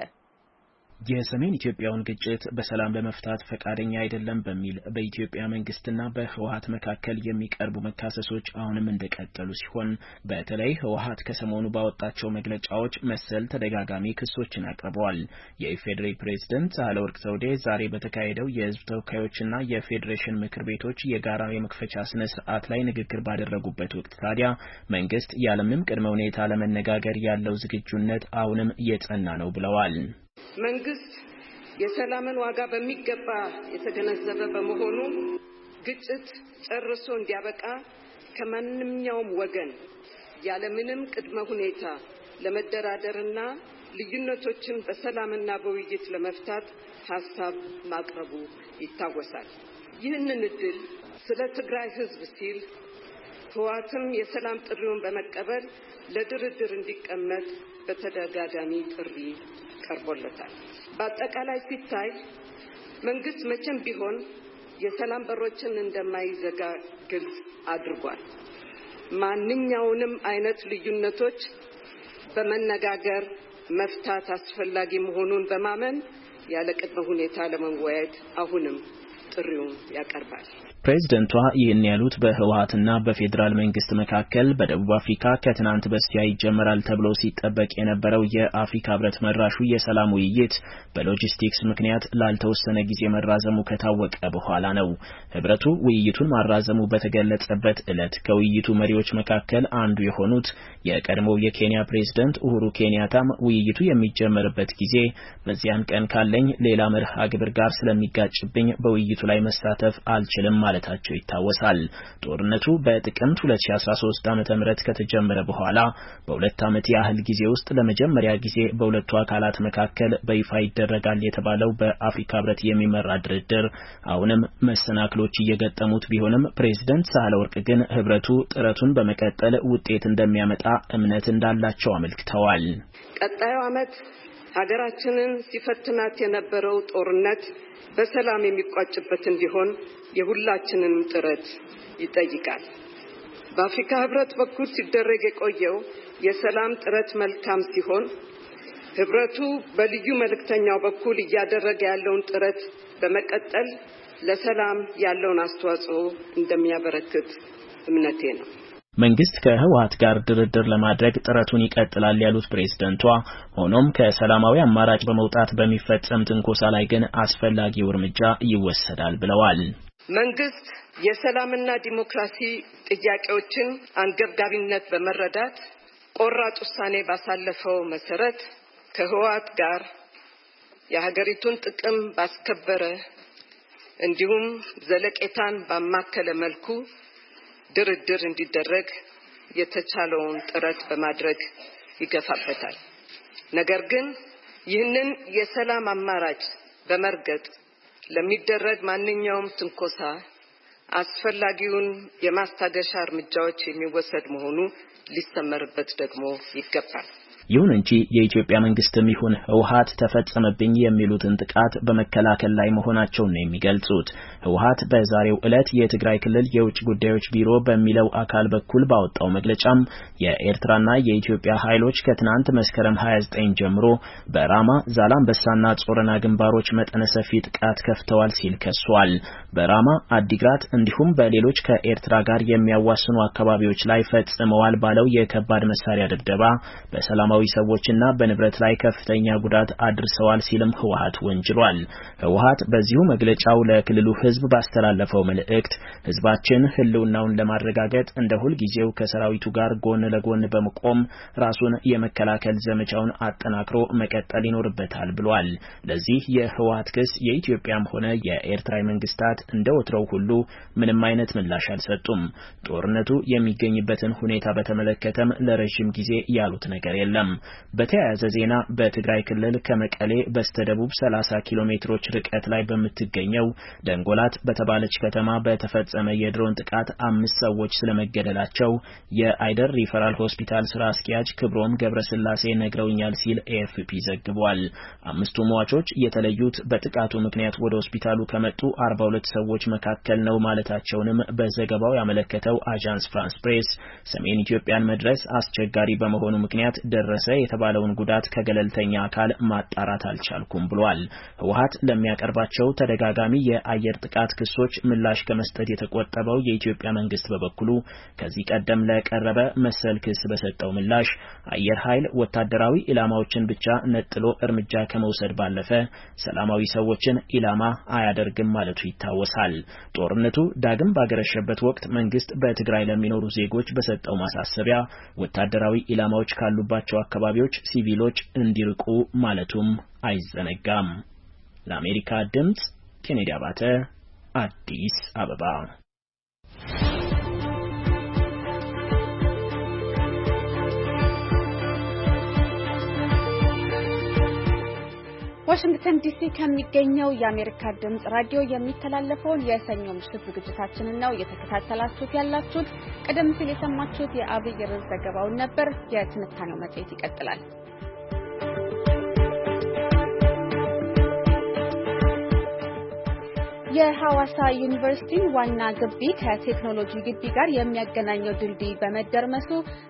የሰሜን ኢትዮጵያውን ግጭት በሰላም ለመፍታት ፈቃደኛ አይደለም በሚል በኢትዮጵያ መንግስትና በህወሀት መካከል የሚቀርቡ መካሰሶች አሁንም እንደቀጠሉ ሲሆን በተለይ ህወሀት ከሰሞኑ ባወጣቸው መግለጫዎች መሰል ተደጋጋሚ ክሶችን አቅርበዋል። የኢፌዴሪ ፕሬዝደንት ሳህለወርቅ ዘውዴ ዛሬ በተካሄደው የህዝብ ተወካዮችና የፌዴሬሽን ምክር ቤቶች የጋራ የመክፈቻ ስነ ስርዓት ላይ ንግግር ባደረጉበት ወቅት ታዲያ መንግስት ያለምንም ቅድመ ሁኔታ ለመነጋገር ያለው ዝግጁነት አሁንም የጸና ነው ብለዋል። መንግስት የሰላምን ዋጋ በሚገባ የተገነዘበ በመሆኑ ግጭት ጨርሶ እንዲያበቃ ከማንኛውም ወገን ያለምንም ቅድመ ሁኔታ ለመደራደርና ልዩነቶችን በሰላምና በውይይት ለመፍታት ሀሳብ ማቅረቡ ይታወሳል። ይህንን እድል ስለ ትግራይ ህዝብ ሲል ህወሓትም የሰላም ጥሪውን በመቀበል ለድርድር እንዲቀመጥ በተደጋጋሚ ጥሪ ቀርቦለታል። በአጠቃላይ ሲታይ መንግስት መቼም ቢሆን የሰላም በሮችን እንደማይዘጋ ግልጽ አድርጓል። ማንኛውንም አይነት ልዩነቶች በመነጋገር መፍታት አስፈላጊ መሆኑን በማመን ያለ ቅድመ ሁኔታ ለመወያየት አሁንም ጥሪውን ያቀርባል። ፕሬዝደንቷ ይህን ያሉት በህወሀትና በፌዴራል መንግስት መካከል በደቡብ አፍሪካ ከትናንት በስቲያ ይጀመራል ተብሎ ሲጠበቅ የነበረው የአፍሪካ ህብረት መራሹ የሰላም ውይይት በሎጂስቲክስ ምክንያት ላልተወሰነ ጊዜ መራዘሙ ከታወቀ በኋላ ነው። ህብረቱ ውይይቱን ማራዘሙ በተገለጸበት ዕለት ከውይይቱ መሪዎች መካከል አንዱ የሆኑት የቀድሞው የኬንያ ፕሬዝደንት ኡሁሩ ኬንያታም ውይይቱ የሚጀመርበት ጊዜ በዚያን ቀን ካለኝ ሌላ መርሃ ግብር ጋር ስለሚጋጭብኝ በውይይቱ ላይ መሳተፍ አልችልም ማለታቸው ይታወሳል። ጦርነቱ በጥቅምት 2013 ዓ.ም ከተጀመረ በኋላ በሁለት ዓመት ያህል ጊዜ ውስጥ ለመጀመሪያ ጊዜ በሁለቱ አካላት መካከል በይፋ ይደረጋል የተባለው በአፍሪካ ህብረት የሚመራ ድርድር አሁንም መሰናክሎች እየገጠሙት ቢሆንም ፕሬዝደንት ሳህለ ወርቅ ግን ህብረቱ ጥረቱን በመቀጠል ውጤት እንደሚያመጣ እምነት እንዳላቸው አመልክተዋል። ቀጣዩ ዓመት ሀገራችንን ሲፈትናት የነበረው ጦርነት በሰላም የሚቋጭበት እንዲሆን የሁላችንን ጥረት ይጠይቃል። በአፍሪካ ህብረት በኩል ሲደረግ የቆየው የሰላም ጥረት መልካም ሲሆን ህብረቱ በልዩ መልእክተኛው በኩል እያደረገ ያለውን ጥረት በመቀጠል ለሰላም ያለውን አስተዋጽኦ እንደሚያበረክት እምነቴ ነው። መንግስት ከህወሀት ጋር ድርድር ለማድረግ ጥረቱን ይቀጥላል ያሉት ፕሬዝደንቷ፣ ሆኖም ከሰላማዊ አማራጭ በመውጣት በሚፈጸም ትንኮሳ ላይ ግን አስፈላጊው እርምጃ ይወሰዳል ብለዋል። መንግስት የሰላምና ዲሞክራሲ ጥያቄዎችን አንገብጋቢነት በመረዳት ቆራጥ ውሳኔ ባሳለፈው መሰረት ከህወሀት ጋር የሀገሪቱን ጥቅም ባስከበረ እንዲሁም ዘለቄታን ባማከለ መልኩ ድርድር እንዲደረግ የተቻለውን ጥረት በማድረግ ይገፋበታል። ነገር ግን ይህንን የሰላም አማራጭ በመርገጥ ለሚደረግ ማንኛውም ትንኮሳ አስፈላጊውን የማስታገሻ እርምጃዎች የሚወሰድ መሆኑ ሊሰመርበት ደግሞ ይገባል። ይሁን እንጂ የኢትዮጵያ መንግስትም ይሁን ህወሀት ተፈጸመብኝ የሚሉትን ጥቃት በመከላከል ላይ መሆናቸውን ነው የሚገልጹት። ህወሀት በዛሬው ዕለት የትግራይ ክልል የውጭ ጉዳዮች ቢሮ በሚለው አካል በኩል ባወጣው መግለጫም የኤርትራና የኢትዮጵያ ኃይሎች ከትናንት መስከረም 29 ጀምሮ በራማ ዛላምበሳና ጾረና ግንባሮች መጠነ ሰፊ ጥቃት ከፍተዋል ሲል ከሷል። በራማ አዲግራት፣ እንዲሁም በሌሎች ከኤርትራ ጋር የሚያዋስኑ አካባቢዎች ላይ ፈጽመዋል ባለው የከባድ መሳሪያ ድብደባ በሰላም በሰላማዊ ሰዎችና በንብረት ላይ ከፍተኛ ጉዳት አድርሰዋል ሲልም ህወሀት ወንጅሏል። ህወሀት በዚሁ መግለጫው ለክልሉ ህዝብ ባስተላለፈው መልእክት ህዝባችን ህልውናውን ለማረጋገጥ እንደ ሁልጊዜው ከሰራዊቱ ጋር ጎን ለጎን በመቆም ራሱን የመከላከል ዘመቻውን አጠናክሮ መቀጠል ይኖርበታል ብሏል። ለዚህ የህወሀት ክስ የኢትዮጵያም ሆነ የኤርትራ መንግስታት እንደ ወትረው ሁሉ ምንም አይነት ምላሽ አልሰጡም። ጦርነቱ የሚገኝበትን ሁኔታ በተመለከተም ለረዥም ጊዜ ያሉት ነገር የለም። ተገለጸም። በተያያዘ ዜና በትግራይ ክልል ከመቀሌ በስተደቡብ 30 ኪሎ ሜትሮች ርቀት ላይ በምትገኘው ደንጎላት በተባለች ከተማ በተፈጸመ የድሮን ጥቃት አምስት ሰዎች ስለመገደላቸው የአይደር ሪፈራል ሆስፒታል ስራ አስኪያጅ ክብሮም ገብረስላሴ ነግረውኛል ሲል ኤኤፍፒ ዘግቧል። አምስቱ ሟቾች የተለዩት በጥቃቱ ምክንያት ወደ ሆስፒታሉ ከመጡ 42 ሰዎች መካከል ነው ማለታቸውንም በዘገባው ያመለከተው አጃንስ ፍራንስ ፕሬስ ሰሜን ኢትዮጵያን መድረስ አስቸጋሪ በመሆኑ ምክንያት ደረ ደረሰ የተባለውን ጉዳት ከገለልተኛ አካል ማጣራት አልቻልኩም ብሏል። ህወሀት ለሚያቀርባቸው ተደጋጋሚ የአየር ጥቃት ክሶች ምላሽ ከመስጠት የተቆጠበው የኢትዮጵያ መንግስት በበኩሉ ከዚህ ቀደም ለቀረበ መሰል ክስ በሰጠው ምላሽ አየር ኃይል ወታደራዊ ኢላማዎችን ብቻ ነጥሎ እርምጃ ከመውሰድ ባለፈ ሰላማዊ ሰዎችን ኢላማ አያደርግም ማለቱ ይታወሳል። ጦርነቱ ዳግም ባገረሸበት ወቅት መንግስት በትግራይ ለሚኖሩ ዜጎች በሰጠው ማሳሰቢያ ወታደራዊ ኢላማዎች ካሉባቸው አካባቢዎች ሲቪሎች እንዲርቁ ማለቱም አይዘነጋም። ለአሜሪካ ድምፅ ኬኔዲ አባተ አዲስ አበባ ዋሽንግተን ዲሲ ከሚገኘው የአሜሪካ ድምጽ ራዲዮ የሚተላለፈውን የሰኞ ምሽት ዝግጅታችንን ነው እየተከታተላችሁት ያላችሁት። ቀደም ሲል የሰማችሁት የአብይ ርዕስ ዘገባውን ነበር። የትንታኔው መጽሔት ይቀጥላል። የሐዋሳ ዩኒቨርሲቲ ዋና ግቢ ከቴክኖሎጂ ግቢ ጋር የሚያገናኘው ድልድይ በመደርመሱ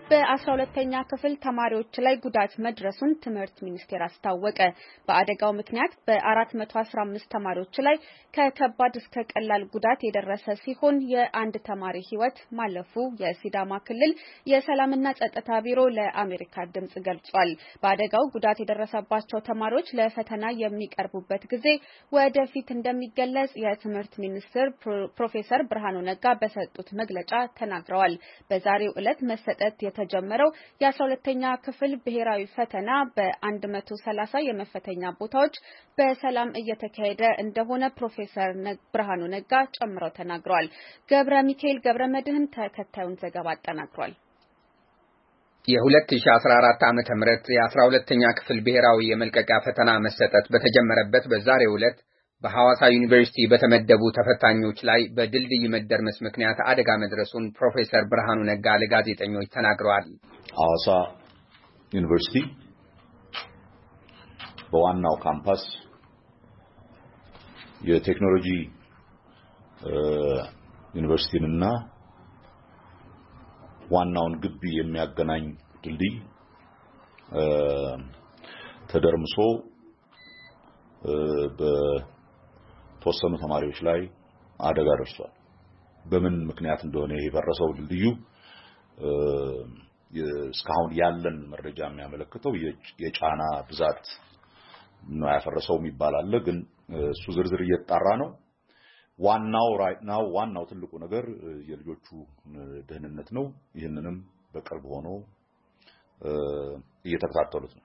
በ12ተኛ ክፍል ተማሪዎች ላይ ጉዳት መድረሱን ትምህርት ሚኒስቴር አስታወቀ። በአደጋው ምክንያት በ415 ተማሪዎች ላይ ከከባድ እስከ ቀላል ጉዳት የደረሰ ሲሆን የአንድ ተማሪ ሕይወት ማለፉ የሲዳማ ክልል የሰላምና ጸጥታ ቢሮ ለአሜሪካ ድምጽ ገልጿል። በአደጋው ጉዳት የደረሰባቸው ተማሪዎች ለፈተና የሚቀርቡበት ጊዜ ወደፊት እንደሚገለጽ ትምህርት ሚኒስትር ፕሮፌሰር ብርሃኑ ነጋ በሰጡት መግለጫ ተናግረዋል። በዛሬው ዕለት መሰጠት የተጀመረው የአስራ ሁለተኛ ክፍል ብሔራዊ ፈተና በአንድ መቶ ሰላሳ የመፈተኛ ቦታዎች በሰላም እየተካሄደ እንደሆነ ፕሮፌሰር ብርሃኑ ነጋ ጨምረው ተናግረዋል። ገብረ ሚካኤል ገብረ መድህን ተከታዩን ዘገባ አጠናግሯል። የ የ2014 ዓ.ም የ12ኛ ክፍል ብሔራዊ የመልቀቂያ ፈተና መሰጠት በተጀመረበት በዛሬው ዕለት በሐዋሳ ዩኒቨርሲቲ በተመደቡ ተፈታኞች ላይ በድልድይ መደርመስ ምክንያት አደጋ መድረሱን ፕሮፌሰር ብርሃኑ ነጋ ለጋዜጠኞች ተናግረዋል። ሐዋሳ ዩኒቨርሲቲ በዋናው ካምፓስ የቴክኖሎጂ ዩኒቨርሲቲንና ዋናውን ግቢ የሚያገናኝ ድልድይ ተደርምሶ ተወሰኑ ተማሪዎች ላይ አደጋ ደርሷል። በምን ምክንያት እንደሆነ የፈረሰው ድልድዩ እስካሁን ያለን መረጃ የሚያመለክተው የጫና ብዛት ነው ያፈረሰው የሚባል አለ። ግን እሱ ዝርዝር እየተጣራ ነው። ዋናው ራይት ናው ዋናው ትልቁ ነገር የልጆቹ ደህንነት ነው። ይህንንም በቅርብ ሆኖ እየተከታተሉት ነው።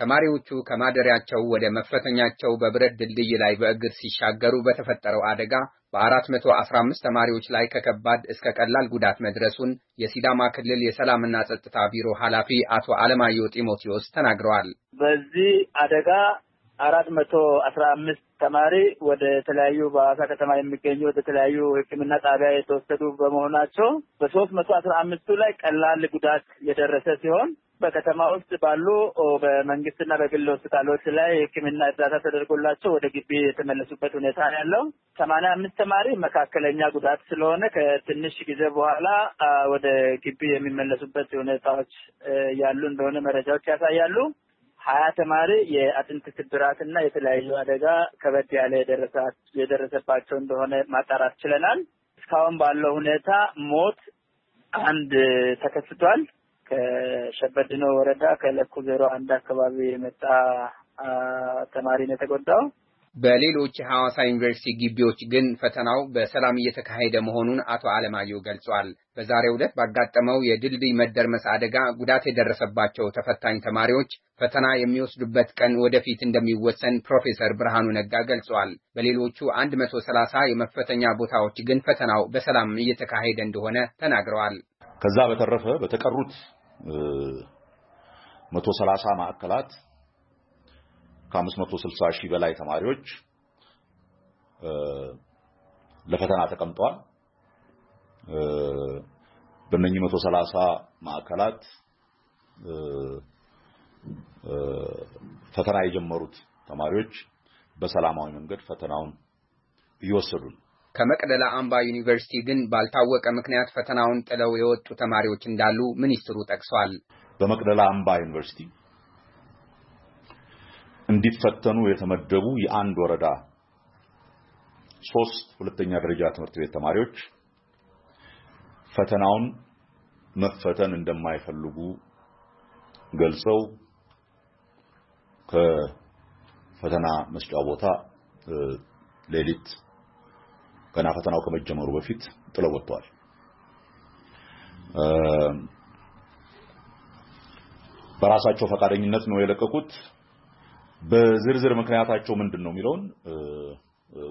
ተማሪዎቹ ከማደሪያቸው ወደ መፈተኛቸው በብረት ድልድይ ላይ በእግር ሲሻገሩ በተፈጠረው አደጋ በ415 ተማሪዎች ላይ ከከባድ እስከ ቀላል ጉዳት መድረሱን የሲዳማ ክልል የሰላምና ጸጥታ ቢሮ ኃላፊ አቶ አለማየሁ ጢሞቴዎስ ተናግረዋል። በዚህ አደጋ አራት መቶ አስራ አምስት ተማሪ ወደ ተለያዩ በሐዋሳ ከተማ የሚገኙ ወደ ተለያዩ ሕክምና ጣቢያ የተወሰዱ በመሆናቸው በሶስት መቶ አስራ አምስቱ ላይ ቀላል ጉዳት የደረሰ ሲሆን በከተማ ውስጥ ባሉ በመንግስትና በግል ሆስፒታሎች ላይ የሕክምና እርዳታ ተደርጎላቸው ወደ ግቢ የተመለሱበት ሁኔታ ነው ያለው። ሰማንያ አምስት ተማሪ መካከለኛ ጉዳት ስለሆነ ከትንሽ ጊዜ በኋላ ወደ ግቢ የሚመለሱበት ሁኔታዎች ያሉ እንደሆነ መረጃዎች ያሳያሉ። ሀያ ተማሪ የአጥንት ስብራትና የተለያዩ አደጋ ከበድ ያለ የደረሰባቸው እንደሆነ ማጣራት ችለናል። እስካሁን ባለው ሁኔታ ሞት አንድ ተከስቷል። ከሸበድነው ወረዳ ከለኩ ዜሮ አንድ አካባቢ የመጣ ተማሪ ነው የተጎዳው። በሌሎች የሐዋሳ ዩኒቨርሲቲ ግቢዎች ግን ፈተናው በሰላም እየተካሄደ መሆኑን አቶ አለማየሁ ገልጿል። በዛሬው ዕለት ባጋጠመው የድልድይ መደርመስ አደጋ ጉዳት የደረሰባቸው ተፈታኝ ተማሪዎች ፈተና የሚወስዱበት ቀን ወደፊት እንደሚወሰን ፕሮፌሰር ብርሃኑ ነጋ ገልጿል። በሌሎቹ 130 የመፈተኛ ቦታዎች ግን ፈተናው በሰላም እየተካሄደ እንደሆነ ተናግረዋል። ከዛ በተረፈ በተቀሩት 130 ማዕከላት ከ560 ሺህ በላይ ተማሪዎች ለፈተና ተቀምጠዋል። በእነኚህ 130 ማዕከላት ፈተና የጀመሩት ተማሪዎች በሰላማዊ መንገድ ፈተናውን እየወሰዱ ነው። ከመቅደላ አምባ ዩኒቨርሲቲ ግን ባልታወቀ ምክንያት ፈተናውን ጥለው የወጡ ተማሪዎች እንዳሉ ሚኒስትሩ ጠቅሷል። በመቅደላ አምባ ዩኒቨርሲቲ እንዲፈተኑ የተመደቡ የአንድ ወረዳ ሶስት ሁለተኛ ደረጃ ትምህርት ቤት ተማሪዎች ፈተናውን መፈተን እንደማይፈልጉ ገልጸው ከፈተና መስጫ ቦታ ሌሊት ገና ፈተናው ከመጀመሩ በፊት ጥለው ወጥተዋል። በራሳቸው ፈቃደኝነት ነው የለቀቁት። በዝርዝር ምክንያታቸው ምንድን ነው የሚለውን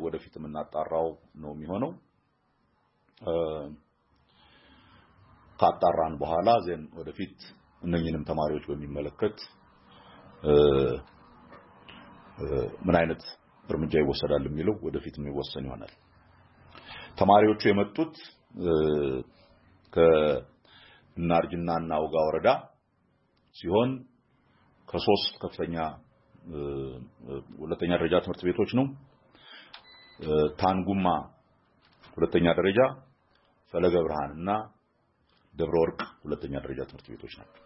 ወደፊት የምናጣራው ነው የሚሆነው። ካጣራን በኋላ ዜን ወደፊት እነኝንም ተማሪዎች በሚመለከት ምን አይነት እርምጃ ይወሰዳል የሚለው ወደፊት የሚወሰን ይሆናል። ተማሪዎቹ የመጡት ከእናርጅና እና ውጋ ወረዳ ሲሆን ከሶስት ከፍተኛ ሁለተኛ ደረጃ ትምህርት ቤቶች ነው። ታንጉማ ሁለተኛ ደረጃ፣ ፈለገ ብርሃን እና ደብረ ወርቅ ሁለተኛ ደረጃ ትምህርት ቤቶች ናቸው።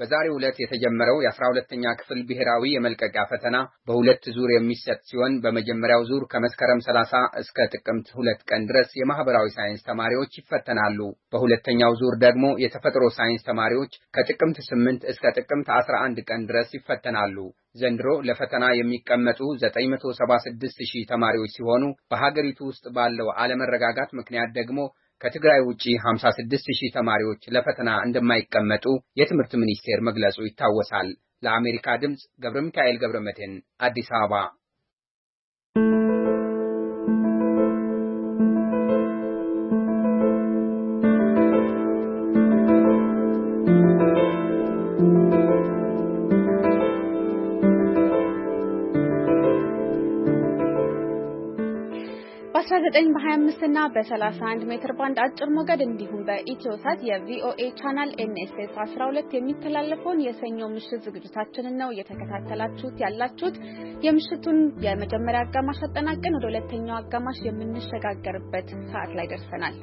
በዛሬው ዕለት የተጀመረው የአስራ ሁለተኛ ክፍል ብሔራዊ የመልቀቂያ ፈተና በሁለት ዙር የሚሰጥ ሲሆን በመጀመሪያው ዙር ከመስከረም 30 እስከ ጥቅምት ሁለት ቀን ድረስ የማህበራዊ ሳይንስ ተማሪዎች ይፈተናሉ። በሁለተኛው ዙር ደግሞ የተፈጥሮ ሳይንስ ተማሪዎች ከጥቅምት 8 እስከ ጥቅምት 11 ቀን ድረስ ይፈተናሉ። ዘንድሮ ለፈተና የሚቀመጡ 976 ሺህ ተማሪዎች ሲሆኑ በሀገሪቱ ውስጥ ባለው አለመረጋጋት ምክንያት ደግሞ ከትግራይ ውጪ 56000 ተማሪዎች ለፈተና እንደማይቀመጡ የትምህርት ሚኒስቴር መግለጹ ይታወሳል። ለአሜሪካ ድምፅ ገብረ ሚካኤል ገብረ መድህን አዲስ አበባ በ19 በ25 እና በ31 ሜትር ባንድ አጭር ሞገድ እንዲሁም በኢትዮሳት የቪኦኤ ቻናል ኤንኤስኤስ 12 የሚተላለፈውን የሰኞ ምሽት ዝግጅታችንን ነው እየተከታተላችሁት ያላችሁት። የምሽቱን የመጀመሪያ አጋማሽ አጠናቀን ወደ ሁለተኛው አጋማሽ የምንሸጋገርበት ሰዓት ላይ ደርሰናል።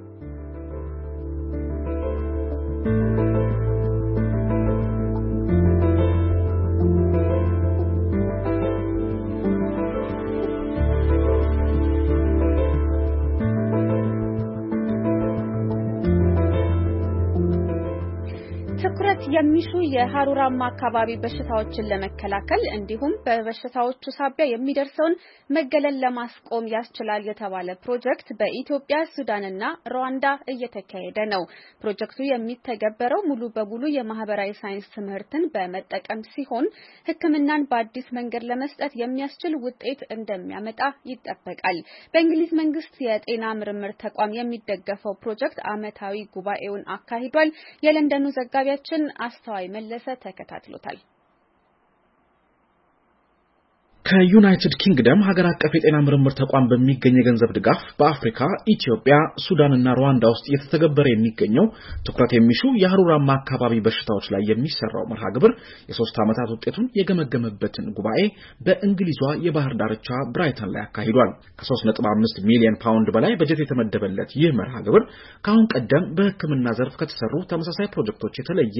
የሚሹ የሀሩራማ አካባቢ በሽታዎችን ለመከላከል እንዲሁም በበሽታዎቹ ሳቢያ የሚደርሰውን መገለል ለማስቆም ያስችላል የተባለ ፕሮጀክት በኢትዮጵያ ሱዳንና ሩዋንዳ እየተካሄደ ነው። ፕሮጀክቱ የሚተገበረው ሙሉ በሙሉ የማህበራዊ ሳይንስ ትምህርትን በመጠቀም ሲሆን ሕክምናን በአዲስ መንገድ ለመስጠት የሚያስችል ውጤት እንደሚያመጣ ይጠበቃል። በእንግሊዝ መንግስት የጤና ምርምር ተቋም የሚደገፈው ፕሮጀክት አመታዊ ጉባኤውን አካሂዷል። የለንደኑ ዘጋቢያችን አስተዋይ መለሰ ተከታትሎታል። ከዩናይትድ ኪንግደም ሀገር አቀፍ የጤና ምርምር ተቋም በሚገኝ የገንዘብ ድጋፍ በአፍሪካ ኢትዮጵያ፣ ሱዳንና ሩዋንዳ ውስጥ እየተተገበረ የሚገኘው ትኩረት የሚሹ የአሩራማ አካባቢ በሽታዎች ላይ የሚሰራው መርሃ ግብር የሶስት ዓመታት ውጤቱን የገመገመበትን ጉባኤ በእንግሊዟ የባህር ዳርቻ ብራይተን ላይ አካሂዷል። ከ3.5 ሚሊዮን ፓውንድ በላይ በጀት የተመደበለት ይህ መርሃ ግብር ከአሁን ቀደም በሕክምና ዘርፍ ከተሰሩ ተመሳሳይ ፕሮጀክቶች የተለየ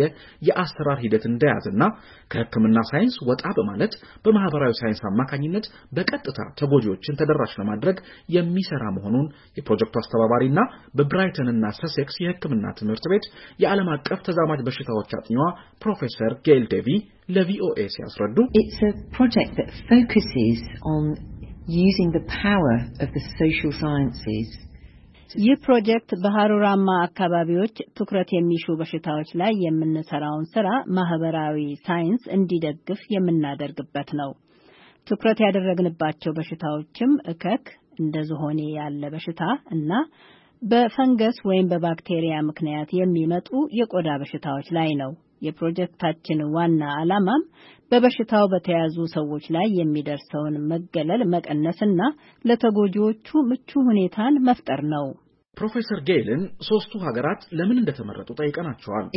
የአሰራር ሂደት እንደያዝና ከሕክምና ሳይንስ ወጣ በማለት በማህበራዊ ሳይንስ አማካኝነት በቀጥታ ተጎጂዎችን ተደራሽ ለማድረግ የሚሰራ መሆኑን የፕሮጀክቱ አስተባባሪና በብራይተንና ሰሴክስ የሕክምና ትምህርት ቤት የዓለም አቀፍ ተዛማጅ በሽታዎች አጥኚዋ ፕሮፌሰር ጌል ዴቪ ለቪኦኤ ሲያስረዱ ይህ ፕሮጀክት በሀሩራማ አካባቢዎች ትኩረት የሚሹ በሽታዎች ላይ የምንሰራውን ስራ ማህበራዊ ሳይንስ እንዲደግፍ የምናደርግበት ነው። ትኩረት ያደረግንባቸው በሽታዎችም እከክ፣ እንደ ዝሆኔ ያለ በሽታ እና በፈንገስ ወይም በባክቴሪያ ምክንያት የሚመጡ የቆዳ በሽታዎች ላይ ነው። የፕሮጀክታችን ዋና ዓላማም በበሽታው በተያዙ ሰዎች ላይ የሚደርሰውን መገለል መቀነስና ለተጎጂዎቹ ምቹ ሁኔታን መፍጠር ነው። ፕሮፌሰር ጌይልን ሶስቱ ሀገራት ለምን እንደተመረጡ ጠይቀናቸዋል። um,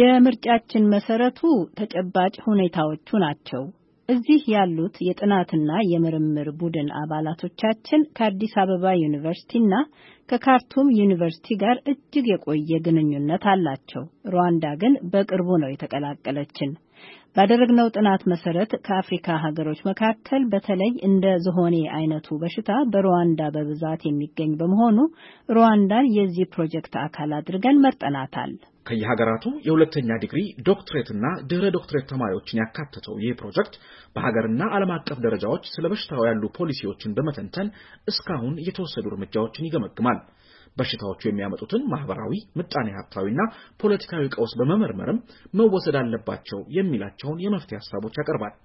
የምርጫችን መሰረቱ ተጨባጭ ሁኔታዎቹ ናቸው። እዚህ ያሉት የጥናትና የምርምር ቡድን አባላቶቻችን ከአዲስ አበባ ዩኒቨርሲቲና ከካርቱም ዩኒቨርሲቲ ጋር እጅግ የቆየ ግንኙነት አላቸው። ሩዋንዳ ግን በቅርቡ ነው የተቀላቀለችን። ባደረግነው ጥናት መሰረት ከአፍሪካ ሀገሮች መካከል በተለይ እንደ ዝሆኔ አይነቱ በሽታ በሩዋንዳ በብዛት የሚገኝ በመሆኑ ሩዋንዳን የዚህ ፕሮጀክት አካል አድርገን መርጠናታል። ከየሀገራቱ የሁለተኛ ዲግሪ ዶክትሬትና ድህረ ዶክትሬት ተማሪዎችን ያካተተው ይህ ፕሮጀክት በሀገርና ዓለም አቀፍ ደረጃዎች ስለ በሽታው ያሉ ፖሊሲዎችን በመተንተን እስካሁን የተወሰዱ እርምጃዎችን ይገመግማል። በሽታዎቹ የሚያመጡትን ማህበራዊ፣ ምጣኔ ሀብታዊና ፖለቲካዊ ቀውስ በመመርመርም መወሰድ አለባቸው የሚላቸውን የመፍትሄ ሀሳቦች ያቀርባል።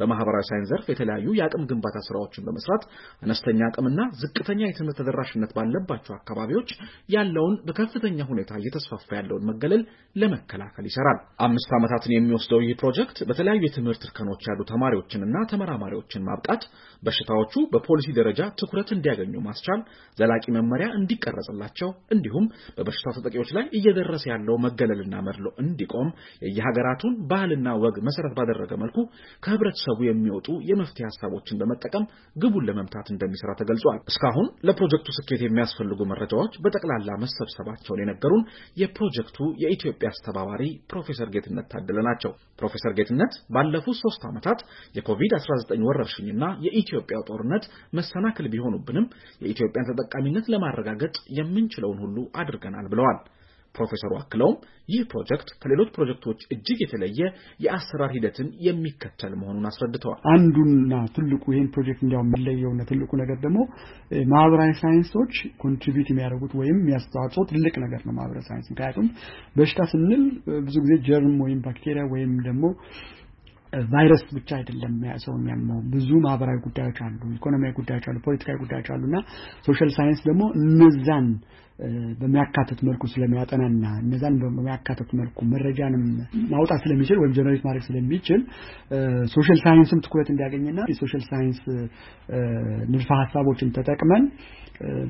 በማህበራዊ ሳይንስ ዘርፍ የተለያዩ የአቅም ግንባታ ስራዎችን በመስራት አነስተኛ አቅምና ዝቅተኛ የትምህርት ተደራሽነት ባለባቸው አካባቢዎች ያለውን በከፍተኛ ሁኔታ እየተስፋፋ ያለውን መገለል ለመከላከል ይሰራል። አምስት ዓመታትን የሚወስደው ይህ ፕሮጀክት በተለያዩ የትምህርት እርከኖች ያሉ ተማሪዎችንና ተመራማሪዎችን ማብቃት፣ በሽታዎቹ በፖሊሲ ደረጃ ትኩረት እንዲያገኙ ማስቻል፣ ዘላቂ መመሪያ እንዲቀረጽላቸው እንዲሁም በበሽታው ተጠቂዎች ላይ እየደረሰ ያለው መገለልና መድሎ እንዲቆም የየሀገራቱን ባህልና ወግ መሰረት ባደረገ መልኩ ከህብረተሰቡ ከህብረተሰቡ የሚወጡ የመፍትሄ ሀሳቦችን በመጠቀም ግቡን ለመምታት እንደሚሰራ ተገልጿል። እስካሁን ለፕሮጀክቱ ስኬት የሚያስፈልጉ መረጃዎች በጠቅላላ መሰብሰባቸውን የነገሩን የፕሮጀክቱ የኢትዮጵያ አስተባባሪ ፕሮፌሰር ጌትነት ታደለ ናቸው። ፕሮፌሰር ጌትነት ባለፉት ሶስት ዓመታት የኮቪድ-19 ወረርሽኝና የኢትዮጵያው ጦርነት መሰናክል ቢሆኑብንም የኢትዮጵያን ተጠቃሚነት ለማረጋገጥ የምንችለውን ሁሉ አድርገናል ብለዋል። ፕሮፌሰሩ አክለውም ይህ ፕሮጀክት ከሌሎች ፕሮጀክቶች እጅግ የተለየ የአሰራር ሂደትን የሚከተል መሆኑን አስረድተዋል። አንዱና ትልቁ ይህን ፕሮጀክት እንዲያውም የሚለየውና ትልቁ ነገር ደግሞ ማህበራዊ ሳይንሶች ኮንትሪቢዩት የሚያደርጉት ወይም የሚያስተዋጽኦ ትልቅ ነገር ነው። ማህበራዊ ሳይንስ ምክንያቱም በሽታ ስንል ብዙ ጊዜ ጀርም ወይም ባክቴሪያ ወይም ደግሞ ቫይረስ ብቻ አይደለም ሰው የሚያመው ብዙ ማህበራዊ ጉዳዮች አሉ፣ ኢኮኖሚያዊ ጉዳዮች አሉ፣ ፖለቲካዊ ጉዳዮች አሉ እና ሶሻል ሳይንስ ደግሞ እነዛን በሚያካትት መልኩ ስለሚያጠናና እነዛን በሚያካትት መልኩ መረጃንም ማውጣት ስለሚችል ወይም ጀነሬት ማድረግ ስለሚችል ሶሻል ሳይንስም ትኩረት እንዲያገኝና የሶሻል ሳይንስ ንድፈ ሀሳቦችን ተጠቅመን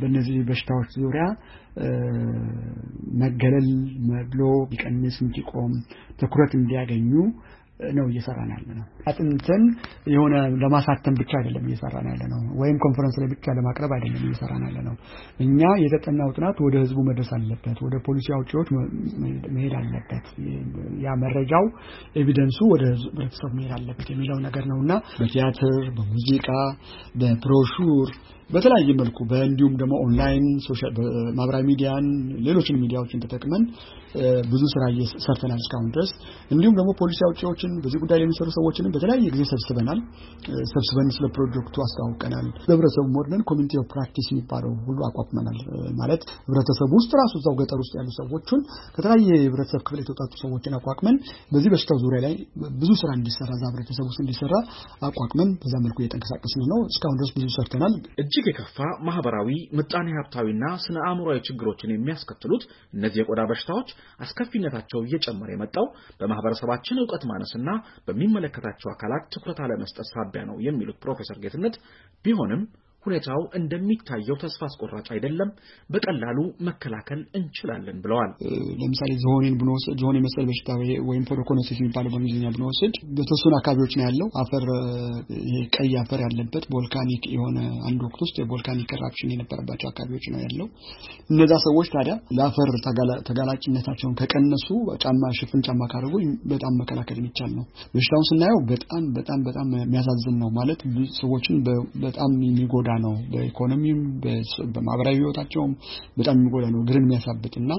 በእነዚህ በሽታዎች ዙሪያ መገለል መድሎ ሊቀንስ እንዲቆም ትኩረት እንዲያገኙ ነው እየሰራን ያለ ነው። አጥንትን የሆነ ለማሳተም ብቻ አይደለም እየሰራን ያለ ነው፣ ወይም ኮንፈረንስ ላይ ብቻ ለማቅረብ አይደለም እየሰራን ያለ ነው። እኛ የተጠናው ጥናት ወደ ህዝቡ መድረስ አለበት፣ ወደ ፖሊሲ አውጪዎች መሄድ አለበት፣ ያ መረጃው ኤቪደንሱ ወደ ህብረተሰብ መሄድ አለበት የሚለው ነገር ነው እና በቲያትር፣ በሙዚቃ፣ በብሮሹር በተለያየ መልኩ እንዲሁም ደግሞ ኦንላይን ማህበራዊ ሚዲያን ሌሎችን ሚዲያዎችን ተጠቅመን ብዙ ስራ ሰርተናል እስካሁን ድረስ። እንዲሁም ደግሞ ፖሊሲ አውጪዎችን በዚህ ጉዳይ የሚሰሩ ሰዎችንም በተለያየ ጊዜ ሰብስበናል። ሰብስበን ስለ ፕሮጀክቱ አስተዋውቀናል። ህብረተሰቡ ሞድነን ኮሚኒቲ ኦፍ ፕራክቲስ የሚባለው ሁሉ አቋቁመናል። ማለት ህብረተሰቡ ውስጥ ራሱ እዛው ገጠር ውስጥ ያሉ ሰዎችን ከተለያየ የህብረተሰብ ክፍል የተውጣጡ ሰዎችን አቋቁመን በዚህ በሽታው ዙሪያ ላይ ብዙ ስራ እንዲሰራ እዛ ህብረተሰብ ውስጥ እንዲሰራ አቋቁመን በዛ መልኩ እየተንቀሳቀስን ነው። እስካሁን ድረስ ብዙ ሰርተናል። እጅግ የከፋ ማህበራዊ ምጣኔ ሀብታዊና ስነ አእምሯዊ ችግሮችን የሚያስከትሉት እነዚህ የቆዳ በሽታዎች አስከፊነታቸው እየጨመረ የመጣው በማህበረሰባችን እውቀት ማነስና በሚመለከታቸው አካላት ትኩረት አለመስጠት ሳቢያ ነው የሚሉት ፕሮፌሰር ጌትነት ቢሆንም ሁኔታው እንደሚታየው ተስፋ አስቆራጭ አይደለም፣ በቀላሉ መከላከል እንችላለን ብለዋል። ለምሳሌ ዝሆንን ብንወስድ ዝሆን መሰል በሽታ ወይም ፎዶኮኖሲስ የሚባለው በእንግሊዝኛ ብንወስድ በተወሰኑ አካባቢዎች ነው ያለው። አፈር ቀይ አፈር ያለበት ቮልካኒክ የሆነ አንድ ወቅት ውስጥ የቮልካኒክ ኢራፕሽን የነበረባቸው አካባቢዎች ነው ያለው። እነዛ ሰዎች ታዲያ ለአፈር ተጋላጭነታቸውን ከቀነሱ ጫማ፣ ሽፍን ጫማ ካደረጉ በጣም መከላከል የሚቻል ነው። በሽታውን ስናየው በጣም በጣም በጣም የሚያሳዝን ነው ማለት ሰዎችን በጣም የሚጎዳ ነው። በኢኮኖሚም በማህበራዊ ህይወታቸውም በጣም የሚጎዳ ነው። እግርን የሚያሳብጥ እና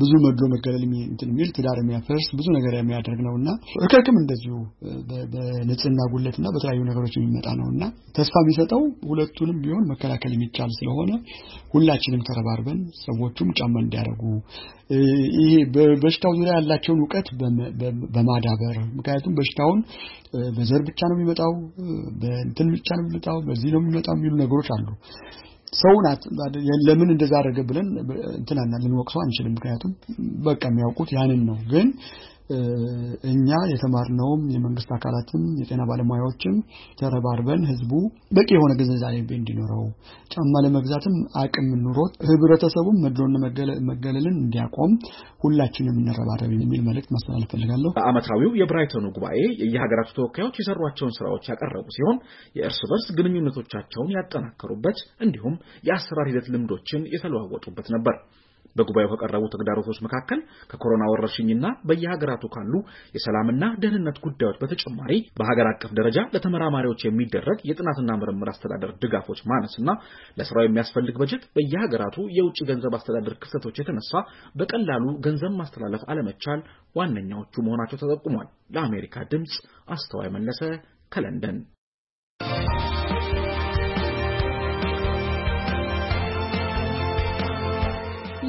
ብዙ መድሎ መገለል የሚል ትዳር የሚያፈርስ ብዙ ነገር የሚያደርግ ነው እና እከክም እንደዚሁ በንጽህና እና በተለያዩ ነገሮች የሚመጣ ነው እና ተስፋ የሚሰጠው ሁለቱንም ቢሆን መከላከል የሚቻል ስለሆነ ሁላችንም ተረባርበን ሰዎቹም ጫማ እንዲያደርጉ ይሄ በበሽታው ዙሪያ ያላቸውን እውቀት በማዳበር ምክንያቱም በሽታውን በዘር ብቻ ነው የሚመጣው፣ በእንትን ብቻ ነው የሚመጣው፣ በዚህ ነው የሚመጣው የሚሉ ነገሮች አሉ። ሰውን ለምን እንደዛ አደረገ ብለን እንትናና ልንወቅሰው አንችልም። ምክንያቱም በቃ የሚያውቁት ያንን ነው ግን እኛ የተማርነውም የመንግስት አካላትም የጤና ባለሙያዎችም ተረባርበን ህዝቡ በቂ የሆነ ግንዛቤ እንዲኖረው ጫማ ለመግዛትም አቅም ኑሮት ህብረተሰቡም መድሎና መገለልን እንዲያቆም ሁላችንም እንረባረብ የሚል መልእክት ማስተላለፍ ፈልጋለሁ። በአመታዊው የብራይተኑ ጉባኤ የየሀገራቱ ተወካዮች የሰሯቸውን ስራዎች ያቀረቡ ሲሆን የእርስ በርስ ግንኙነቶቻቸውን ያጠናከሩበት እንዲሁም የአሰራር ሂደት ልምዶችን የተለዋወጡበት ነበር። በጉባኤው ከቀረቡ ተግዳሮቶች መካከል ከኮሮና ወረርሽኝና በየሀገራቱ ካሉ የሰላምና ደህንነት ጉዳዮች በተጨማሪ በሀገር አቀፍ ደረጃ ለተመራማሪዎች የሚደረግ የጥናትና ምርምር አስተዳደር ድጋፎች ማነስና ለስራው የሚያስፈልግ በጀት በየሀገራቱ የውጭ ገንዘብ አስተዳደር ክፍተቶች የተነሳ በቀላሉ ገንዘብ ማስተላለፍ አለመቻል ዋነኛዎቹ መሆናቸው ተጠቁሟል። ለአሜሪካ ድምፅ አስተዋይ መለሰ ከለንደን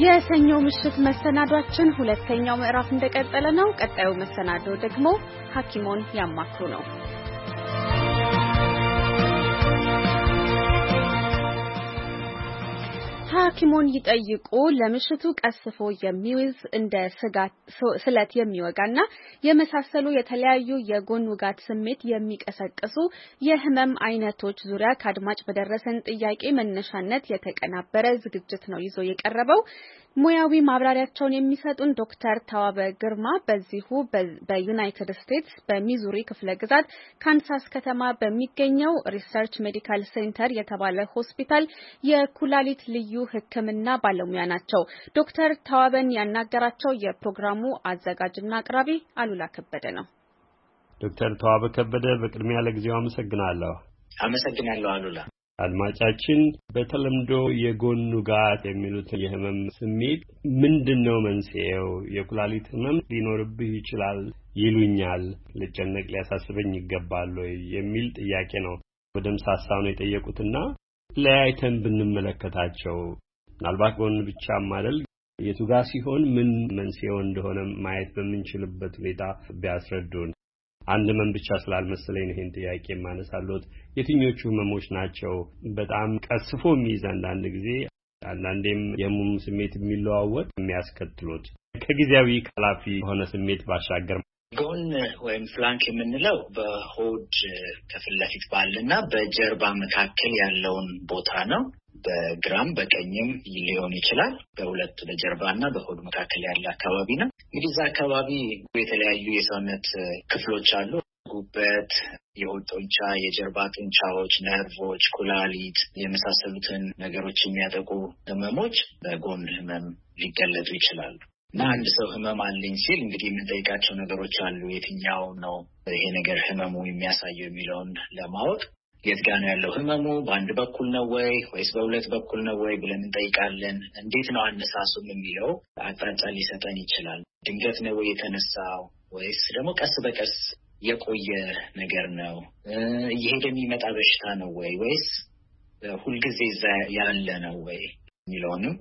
የሰኞው ምሽት መሰናዷችን ሁለተኛው ምዕራፍ እንደቀጠለ ነው። ቀጣዩ መሰናዶ ደግሞ ሐኪሞን ያማክሩ ነው። ሐኪሙን ይጠይቁ ለምሽቱ ቀስፎ የሚይዝ እንደ ስለት የሚወጋና የመሳሰሉ የተለያዩ የጎን ውጋት ስሜት የሚቀሰቅሱ የህመም አይነቶች ዙሪያ ከአድማጭ በደረሰን ጥያቄ መነሻነት የተቀናበረ ዝግጅት ነው ይዞ የቀረበው። ሙያዊ ማብራሪያቸውን የሚሰጡን ዶክተር ተዋበ ግርማ በዚሁ በዩናይትድ ስቴትስ በሚዙሪ ክፍለ ግዛት ካንሳስ ከተማ በሚገኘው ሪሰርች ሜዲካል ሴንተር የተባለ ሆስፒታል የኩላሊት ልዩ ሕክምና ባለሙያ ናቸው። ዶክተር ተዋበን ያናገራቸው የፕሮግራሙ አዘጋጅና አቅራቢ አሉላ ከበደ ነው። ዶክተር ተዋበ ከበደ በቅድሚያ ለጊዜው አመሰግናለሁ። አመሰግናለሁ አሉላ። አድማጫችን በተለምዶ የጎኑ ጋት የሚሉት የህመም ስሜት ምንድን ነው መንስኤው? የኩላሊት ህመም ሊኖርብህ ይችላል ይሉኛል፣ ልጨነቅ ሊያሳስበኝ ይገባል ወይ የሚል ጥያቄ ነው። በደምሳሳ ነው የጠየቁትና ለያይተን ብንመለከታቸው ምናልባት ጎን ብቻ ማደል የቱጋ ሲሆን ምን መንስኤው እንደሆነ ማየት በምንችልበት ሁኔታ ቢያስረዱን። አንድ ህመም ብቻ ስላልመሰለኝ ይህን ጥያቄ የማነሳለሁት የትኞቹ ህመሞች ናቸው በጣም ቀስፎ የሚይዝ አንዳንድ ጊዜ አንዳንዴም የህሙም ስሜት የሚለዋወጥ የሚያስከትሉት ከጊዜያዊ ካላፊ የሆነ ስሜት ባሻገር ጎን ወይም ፍላንክ የምንለው በሆድ ከፊት ለፊት ባለና በጀርባ መካከል ያለውን ቦታ ነው። በግራም በቀኝም ሊሆን ይችላል። በሁለቱ በጀርባ እና በሆድ መካከል ያለ አካባቢ ነው። እንግዲህ እዛ አካባቢ የተለያዩ የሰውነት ክፍሎች አሉ። ጉበት፣ የሆድ ጡንቻ፣ የጀርባ ጡንቻዎች፣ ነርቮች፣ ኩላሊት የመሳሰሉትን ነገሮች የሚያጠቁ ህመሞች በጎን ህመም ሊገለጡ ይችላሉ። እና አንድ ሰው ህመም አለኝ ሲል እንግዲህ የምንጠይቃቸው ነገሮች አሉ። የትኛው ነው ይሄ ነገር ህመሙ የሚያሳየው የሚለውን ለማወቅ የት ጋ ነው ያለው ህመሙ? በአንድ በኩል ነው ወይ ወይስ በሁለት በኩል ነው ወይ ብለን እንጠይቃለን። እንዴት ነው አነሳሱም የሚለው አቅጣጫ ሊሰጠን ይችላል። ድንገት ነው ወይ የተነሳው ወይስ ደግሞ ቀስ በቀስ የቆየ ነገር ነው? እየሄደ የሚመጣ በሽታ ነው ወይ ወይስ ሁልጊዜ እዛ ያለ ነው ወይ የሚለውንም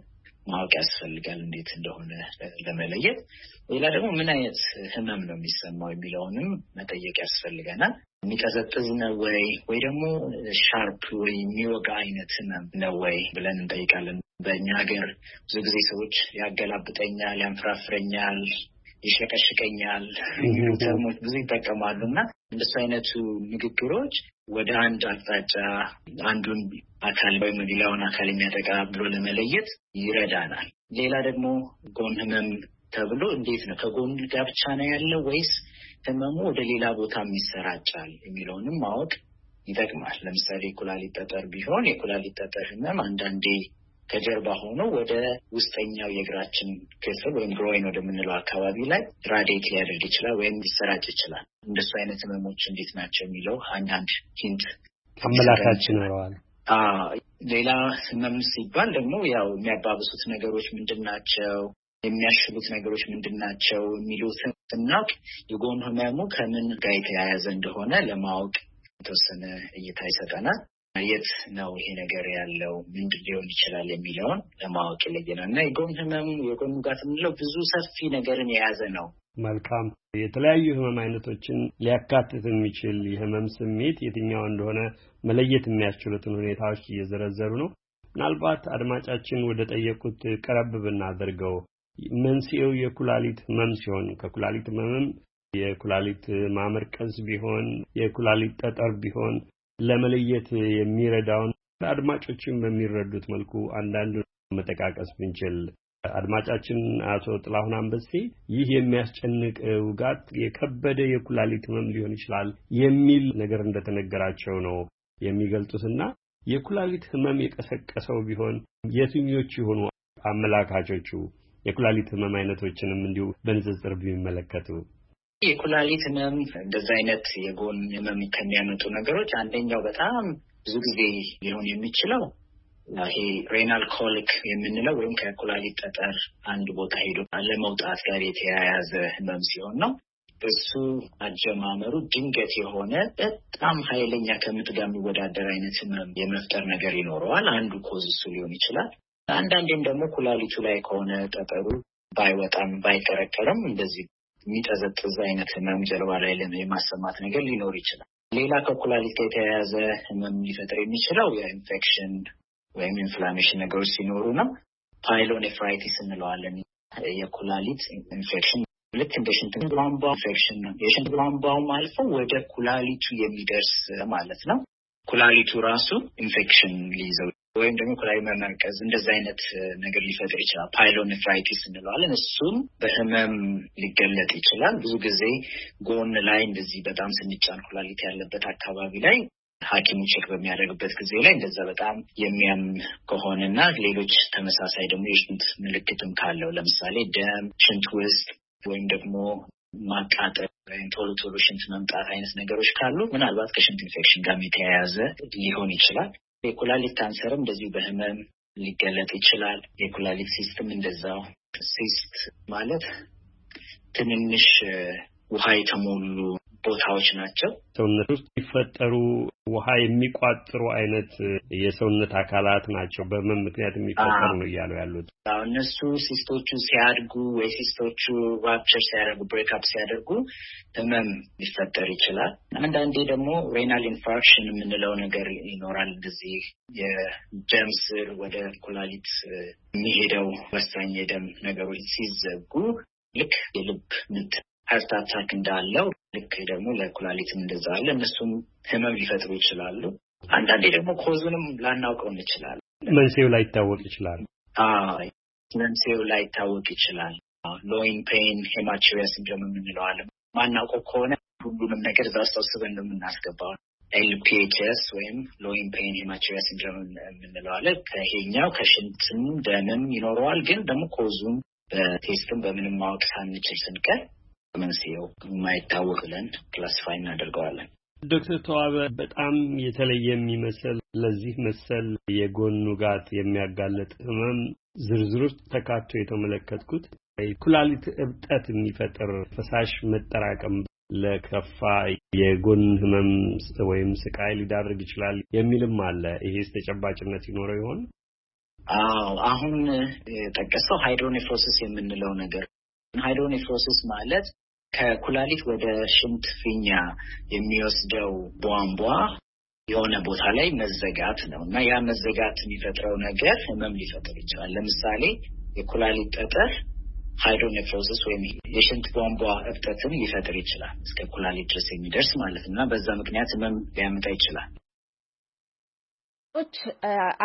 ማወቅ ያስፈልጋል እንዴት እንደሆነ ለመለየት። ሌላ ደግሞ ምን አይነት ህመም ነው የሚሰማው የሚለውንም መጠየቅ ያስፈልገናል። የሚቀዘቅዝ ነው ወይ ወይ ደግሞ ሻርፕ ወይ የሚወጋ አይነት ህመም ነው ወይ ብለን እንጠይቃለን። በእኛ ሀገር ብዙ ጊዜ ሰዎች ያገላብጠኛል፣ ያንፍራፍረኛል፣ ይሸቀሽቀኛል ተርሞች ብዙ ይጠቀማሉ እና እንደሱ አይነቱ ንግግሮች ወደ አንድ አቅጣጫ አንዱን አካል ወይም ሌላውን አካል የሚያጠቃ ብሎ ለመለየት ይረዳናል። ሌላ ደግሞ ጎን ህመም ተብሎ እንዴት ነው ከጎን ጋር ብቻ ነው ያለው ወይስ ህመሙ ወደ ሌላ ቦታ ይሰራጫል የሚለውንም ማወቅ ይጠቅማል። ለምሳሌ የኩላሊት ጠጠር ቢሆን የኩላሊት ጠጠር ህመም አንዳንዴ ከጀርባ ሆኖ ወደ ውስጠኛው የእግራችን ክፍል ወይም ግሮይን ወደምንለው አካባቢ ላይ ራዴት ሊያደርግ ይችላል ወይም ሊሰራጭ ይችላል። እንደሱ አይነት ህመሞች እንዴት ናቸው የሚለው አንዳንድ ሂንት አመላካች ይኖረዋል። ሌላ ህመም ሲባል ደግሞ ያው የሚያባብሱት ነገሮች ምንድን ናቸው፣ የሚያሽሉት ነገሮች ምንድን ናቸው የሚሉትን ስናውቅ የጎን ህመሙ ከምን ጋር የተያያዘ እንደሆነ ለማወቅ የተወሰነ እይታ ይሰጠናል። የት ነው ይሄ ነገር ያለው ምንድን ሊሆን ይችላል የሚለውን ለማወቅ ይለየናል እና የጎን ህመም የጎን ጉዳት የምንለው ብዙ ሰፊ ነገርን የያዘ ነው። መልካም የተለያዩ ህመም አይነቶችን ሊያካትት የሚችል የህመም ስሜት የትኛው እንደሆነ መለየት የሚያስችሉትን ሁኔታዎች እየዘረዘሩ ነው። ምናልባት አድማጫችን ወደ ጠየቁት ቀረብ ብናደርገው መንስኤው የኩላሊት ህመም ሲሆን ከኩላሊት ህመምም የኩላሊት ማመርቀዝ ቢሆን የኩላሊት ጠጠር ቢሆን ለመለየት የሚረዳውን አድማጮችን በሚረዱት መልኩ አንዳንዱ መጠቃቀስ ብንችል አድማጫችን አቶ ጥላሁን አንበሴ ይህ የሚያስጨንቅ ውጋት የከበደ የኩላሊት ህመም ሊሆን ይችላል የሚል ነገር እንደተነገራቸው ነው የሚገልጡትና የኩላሊት ህመም የቀሰቀሰው ቢሆን የትኞቹ የሆኑ አመላካቾቹ የኩላሊት ህመም አይነቶችንም እንዲሁ በንጽጽር ቢመለከቱ የኩላሊት ህመም እንደዚ አይነት የጎን ህመም ከሚያመጡ ነገሮች አንደኛው በጣም ብዙ ጊዜ ሊሆን የሚችለው ይሄ ሬናል ኮሊክ የምንለው ወይም ከኩላሊት ጠጠር አንድ ቦታ ሄዶ ለመውጣት ጋር የተያያዘ ህመም ሲሆን ነው። እሱ አጀማመሩ ድንገት የሆነ በጣም ኃይለኛ ከምጥ ጋር የሚወዳደር አይነት ህመም የመፍጠር ነገር ይኖረዋል። አንዱ ኮዝ እሱ ሊሆን ይችላል። አንዳንዴም ደግሞ ኩላሊቱ ላይ ከሆነ ጠጠሩ ባይወጣም ባይከረከርም እንደዚህ የሚጠዘጥዝ አይነት ህመም ጀርባ ላይ የማሰማት ነገር ሊኖር ይችላል። ሌላ ከኩላሊት ጋር የተያያዘ ህመም ሊፈጥር የሚችለው የኢንፌክሽን ወይም ኢንፍላሜሽን ነገሮች ሲኖሩ ነው። ፓይሎኔፍራይቲስ እንለዋለን። የኩላሊት ኢንፌክሽን ልክ እንደ ሽንት ቧንቧ ኢንፌክሽን ነው። የሽንት ቧንቧውም አልፎ ወደ ኩላሊቱ የሚደርስ ማለት ነው። ኩላሊቱ ራሱ ኢንፌክሽን ሊይዘው ወይም ደግሞ ኩላሊት መመርቀዝ እንደዚ አይነት ነገር ሊፈጥር ይችላል። ፓይሎኔፍራይቲስ እንለዋለን። እሱም በህመም ሊገለጥ ይችላል። ብዙ ጊዜ ጎን ላይ እንደዚህ በጣም ስንጫን ኩላሊት ያለበት አካባቢ ላይ ሐኪሙ ቼክ በሚያደርግበት ጊዜ ላይ እንደዛ በጣም የሚያም ከሆነና ሌሎች ተመሳሳይ ደግሞ የሽንት ምልክትም ካለው ለምሳሌ ደም ሽንት ውስጥ ወይም ደግሞ ማቃጠል ወይም ቶሎ ቶሎ ሽንት መምጣት አይነት ነገሮች ካሉ ምናልባት ከሽንት ኢንፌክሽን ጋር የተያያዘ ሊሆን ይችላል። የኩላሊት ካንሰርም እንደዚሁ በህመም ሊገለጥ ይችላል። የኩላሊት ሲስትም እንደዛው። ሲስት ማለት ትንንሽ ውሃ የተሞሉ ቦታዎች ናቸው። ሰውነት ውስጥ የሚፈጠሩ ውሃ የሚቋጥሩ አይነት የሰውነት አካላት ናቸው። በምን ምክንያት የሚፈጠሩ ነው እያሉ ያሉት እነሱ ሲስቶቹ ሲያድጉ ወይ ሲስቶቹ ራፕቸር ሲያደርጉ ብሬክአፕ ሲያደርጉ ህመም ሊፈጠር ይችላል። አንዳንዴ ደግሞ ሬናል ኢንፋርክሽን የምንለው ነገር ይኖራል። እዚህ የደም ስር ወደ ኩላሊት የሚሄደው ወሳኝ የደም ነገሮች ሲዘጉ ልክ የልብ ምት ሀርት አታክ እንዳለው ልክ ደግሞ ለኩላሊትም እንደዛ አለ። እነሱም ህመም ሊፈጥሩ ይችላሉ። አንዳንዴ ደግሞ ኮዙንም ላናውቀው እንችላለን። መንስኤው ላይታወቅ ይችላል። መንስኤው ላይታወቅ ይችላል። ሎይን ፔን ሄማቸሪያ ሲንድሮም የምንለዋል ማናውቀው ከሆነ ሁሉንም ነገር እዛ ውስጥ ሰብስበን ነው የምናስገባው። ኤልፒኤችኤስ ወይም ሎይን ፔን ሄማቸሪያ ሲንድሮም የምንለው ከሄኛው ከሽንትም ደምም ይኖረዋል። ግን ደግሞ ኮዙም በቴስትም በምንም ማወቅ ሳንችል ስንቀር መንስኤው የማይታወቅ ብለን ክላሲፋይ እናደርገዋለን። ዶክተር ተዋበ በጣም የተለየ የሚመስል ለዚህ መሰል የጎን ውጋት የሚያጋለጥ ህመም ዝርዝር ውስጥ ተካቶ የተመለከትኩት ኩላሊት እብጠት የሚፈጥር ፈሳሽ መጠራቀም ለከፋ የጎን ህመም ወይም ስቃይ ሊዳርግ ይችላል የሚልም አለ። ይሄስ ተጨባጭነት ይኖረው ይሆን? አዎ፣ አሁን የጠቀሰው ሃይድሮኔፍሮሲስ የምንለው ነገር ሃይድሮኔፍሮሲስ ማለት ከኩላሊት ወደ ሽንት ፊኛ የሚወስደው ቧንቧ የሆነ ቦታ ላይ መዘጋት ነው እና ያ መዘጋት የሚፈጥረው ነገር ህመም ሊፈጥር ይችላል። ለምሳሌ የኩላሊት ጠጠር ሃይድሮኔፍሮዝስ ወይም የሽንት ቧንቧ እብጠትን ሊፈጥር ይችላል። እስከ ኩላሊት ድረስ የሚደርስ ማለት ነው እና በዛ ምክንያት ህመም ሊያመጣ ይችላል። አድማጮች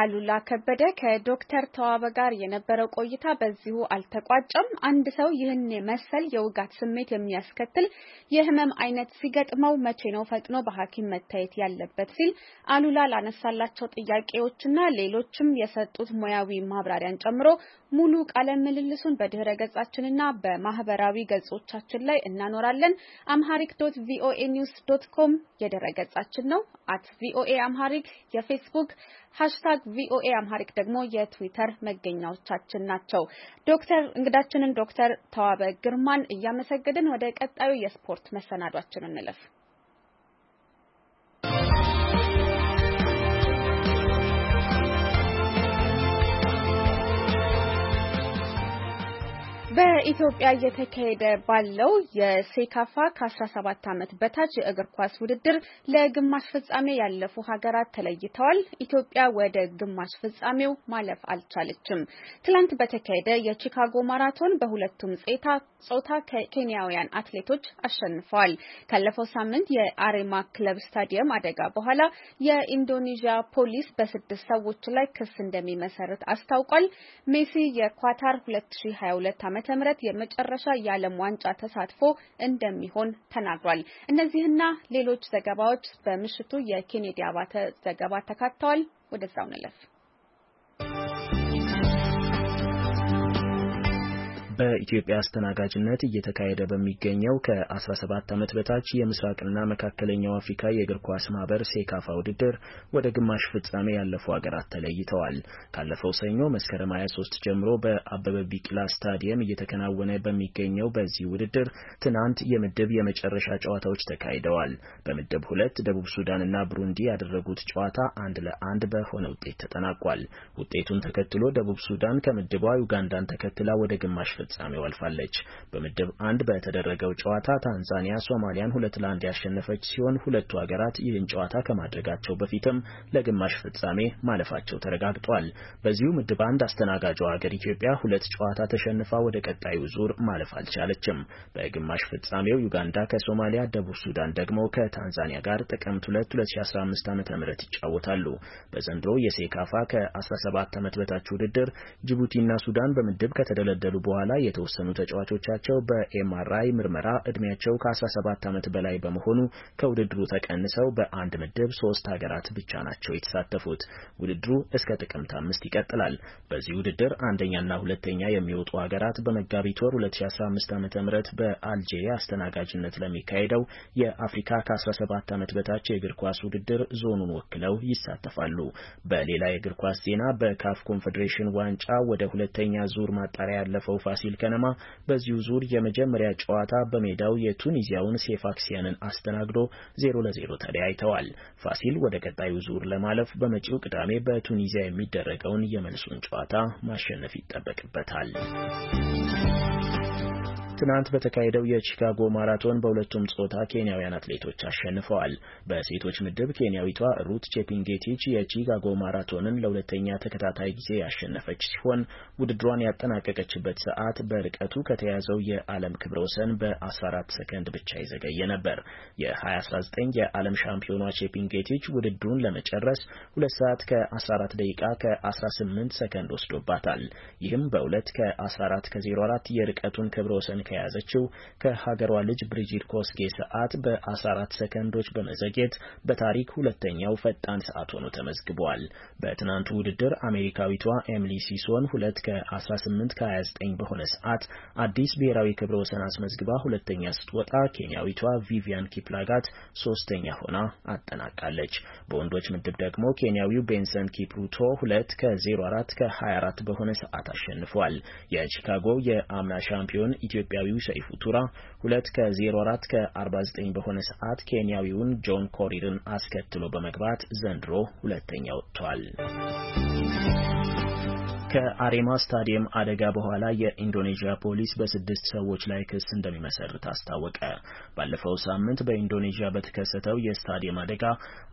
አሉላ ከበደ ከዶክተር ተዋበ ጋር የነበረው ቆይታ በዚሁ አልተቋጨም። አንድ ሰው ይህን መሰል የውጋት ስሜት የሚያስከትል የህመም አይነት ሲገጥመው መቼ ነው ፈጥኖ በሐኪም መታየት ያለበት ሲል አሉላ ላነሳላቸው ጥያቄዎችና ሌሎችም የሰጡት ሙያዊ ማብራሪያን ጨምሮ ሙሉ ቃለ ምልልሱን በድህረ ገጻችንና በማህበራዊ ገጾቻችን ላይ እናኖራለን። አምሃሪክ ዶት ቪኦኤ ኒውስ ዶት ኮም የድረ ገጻችን ነው። አት ቪኦኤ አምሃሪክ የፌስቡክ ሀሽታግ ቪኦኤ አምሃሪክ ደግሞ የትዊተር መገኛዎቻችን ናቸው። ዶክተር እንግዳችንን ዶክተር ተዋበ ግርማን እያመሰገድን ወደ ቀጣዩ የስፖርት መሰናዷችን እንለፍ። በኢትዮጵያ እየተካሄደ ባለው የሴካፋ ከ17 ዓመት በታች የእግር ኳስ ውድድር ለግማሽ ፍጻሜ ያለፉ ሀገራት ተለይተዋል። ኢትዮጵያ ወደ ግማሽ ፍጻሜው ማለፍ አልቻለችም። ትላንት በተካሄደ የቺካጎ ማራቶን በሁለቱም ጾታ ጾታ ከኬንያውያን አትሌቶች አሸንፈዋል። ካለፈው ሳምንት የአሬማ ክለብ ስታዲየም አደጋ በኋላ የኢንዶኔዥያ ፖሊስ በስድስት ሰዎች ላይ ክስ እንደሚመሰርት አስታውቋል። ሜሲ የኳታር 2022 የመጨረሻ የዓለም ዋንጫ ተሳትፎ እንደሚሆን ተናግሯል። እነዚህና ሌሎች ዘገባዎች በምሽቱ የኬኔዲ አባተ ዘገባ ተካተዋል። ወደዛው ንለፍ። በኢትዮጵያ አስተናጋጅነት እየተካሄደ በሚገኘው ከ17 ዓመት በታች የምስራቅና መካከለኛው አፍሪካ የእግር ኳስ ማህበር ሴካፋ ውድድር ወደ ግማሽ ፍጻሜ ያለፉ ሀገራት ተለይተዋል። ካለፈው ሰኞ መስከረም 23 ጀምሮ በአበበ ቢቅላ ስታዲየም እየተከናወነ በሚገኘው በዚህ ውድድር ትናንት የምድብ የመጨረሻ ጨዋታዎች ተካሂደዋል። በምድብ ሁለት ደቡብ ሱዳንና ብሩንዲ ያደረጉት ጨዋታ አንድ ለአንድ በሆነ ውጤት ተጠናቋል። ውጤቱን ተከትሎ ደቡብ ሱዳን ከምድቧ ዩጋንዳን ተከትላ ወደ ግማሽ ፍጻሜው አልፋለች። በምድብ አንድ በተደረገው ጨዋታ ታንዛኒያ ሶማሊያን ሁለት ለአንድ ያሸነፈች ሲሆን ሁለቱ ሀገራት ይህን ጨዋታ ከማድረጋቸው በፊትም ለግማሽ ፍጻሜ ማለፋቸው ተረጋግጧል። በዚሁ ምድብ አንድ አስተናጋጇ ሀገር ኢትዮጵያ ሁለት ጨዋታ ተሸንፋ ወደ ቀጣዩ ዙር ማለፍ አልቻለችም። በግማሽ ፍጻሜው ዩጋንዳ ከሶማሊያ፣ ደቡብ ሱዳን ደግሞ ከታንዛኒያ ጋር ጥቅምት 2 2015 ዓ ም ይጫወታሉ። በዘንድሮ የሴካፋ ከ17 ዓመት በታች ውድድር ጅቡቲና ሱዳን በምድብ ከተደለደሉ በኋላ ላይ የተወሰኑ ተጫዋቾቻቸው በኤምአርአይ ምርመራ እድሜያቸው ከ17 ዓመት በላይ በመሆኑ ከውድድሩ ተቀንሰው በአንድ ምድብ ሶስት ሀገራት ብቻ ናቸው የተሳተፉት። ውድድሩ እስከ ጥቅምት አምስት ይቀጥላል። በዚህ ውድድር አንደኛና ሁለተኛ የሚወጡ ሀገራት በመጋቢት ወር 2015 ዓ ም በአልጄሪያ አስተናጋጅነት ለሚካሄደው የአፍሪካ ከ17 ዓመት በታች የእግር ኳስ ውድድር ዞኑን ወክለው ይሳተፋሉ። በሌላ የእግር ኳስ ዜና በካፍ ኮንፌዴሬሽን ዋንጫ ወደ ሁለተኛ ዙር ማጣሪያ ያለፈው ፋሲ ፋሲል ከነማ በዚሁ ዙር የመጀመሪያ ጨዋታ በሜዳው የቱኒዚያውን ሴፋክሲያንን አስተናግዶ ዜሮ ለዜሮ ተለያይተዋል። ፋሲል ወደ ቀጣዩ ዙር ለማለፍ በመጪው ቅዳሜ በቱኒዚያ የሚደረገውን የመልሱን ጨዋታ ማሸነፍ ይጠበቅበታል። ትናንት በተካሄደው የቺካጎ ማራቶን በሁለቱም ጾታ ኬንያውያን አትሌቶች አሸንፈዋል። በሴቶች ምድብ ኬንያዊቷ ሩት ቼፒንጌቲች የቺካጎ ማራቶንን ለሁለተኛ ተከታታይ ጊዜ ያሸነፈች ሲሆን ውድድሯን ያጠናቀቀችበት ሰዓት በርቀቱ ከተያዘው የዓለም ክብረ ወሰን በ14 ሰከንድ ብቻ የዘገየ ነበር። የ2019 የዓለም ሻምፒዮኗ ቼፒንጌቲች ውድድሩን ለመጨረስ 2 ሰዓት ከ14 ደቂቃ ከ18 ሰከንድ ወስዶባታል። ይህም በ2 ከ14 ከ04 የርቀቱን ክብረ ወሰን የያዘችው ከሀገሯ ልጅ ብሪጂድ ኮስጌ ሰዓት በ14 ሰከንዶች በመዘግየት በታሪክ ሁለተኛው ፈጣን ሰዓት ሆኖ ተመዝግቧል። በትናንቱ ውድድር አሜሪካዊቷ ኤሚሊ ሲሶን ሁለት ከ18 ከ29 በሆነ ሰዓት አዲስ ብሔራዊ ክብረ ወሰን አስመዝግባ ሁለተኛ ስትወጣ ኬንያዊቷ ቪቪያን ኪፕላጋት ሶስተኛ ሆና አጠናቃለች። በወንዶች ምድብ ደግሞ ኬንያዊው ቤንሰን ኪፕሩቶ ሁለት ከ04 ከ24 በሆነ ሰዓት አሸንፏል። የቺካጎ የአምና ሻምፒዮን ኢትዮጵያ ኬንያዊው ሸኢፍ ቱራ ሁለት ከ04 ከ49 በሆነ ሰዓት ኬንያዊውን ጆን ኮሪርን አስከትሎ በመግባት ዘንድሮ ሁለተኛ ወጥቷል። ከአሬማ ስታዲየም አደጋ በኋላ የኢንዶኔዥያ ፖሊስ በስድስት ሰዎች ላይ ክስ እንደሚመሰርት አስታወቀ። ባለፈው ሳምንት በኢንዶኔዥያ በተከሰተው የስታዲየም አደጋ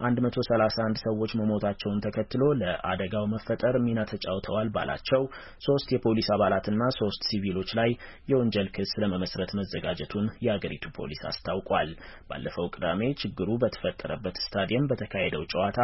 131 ሰዎች መሞታቸውን ተከትሎ ለአደጋው መፈጠር ሚና ተጫውተዋል ባላቸው ሶስት የፖሊስ አባላትና ሶስት ሲቪሎች ላይ የወንጀል ክስ ለመመስረት መዘጋጀቱን የአገሪቱ ፖሊስ አስታውቋል። ባለፈው ቅዳሜ ችግሩ በተፈጠረበት ስታዲየም በተካሄደው ጨዋታ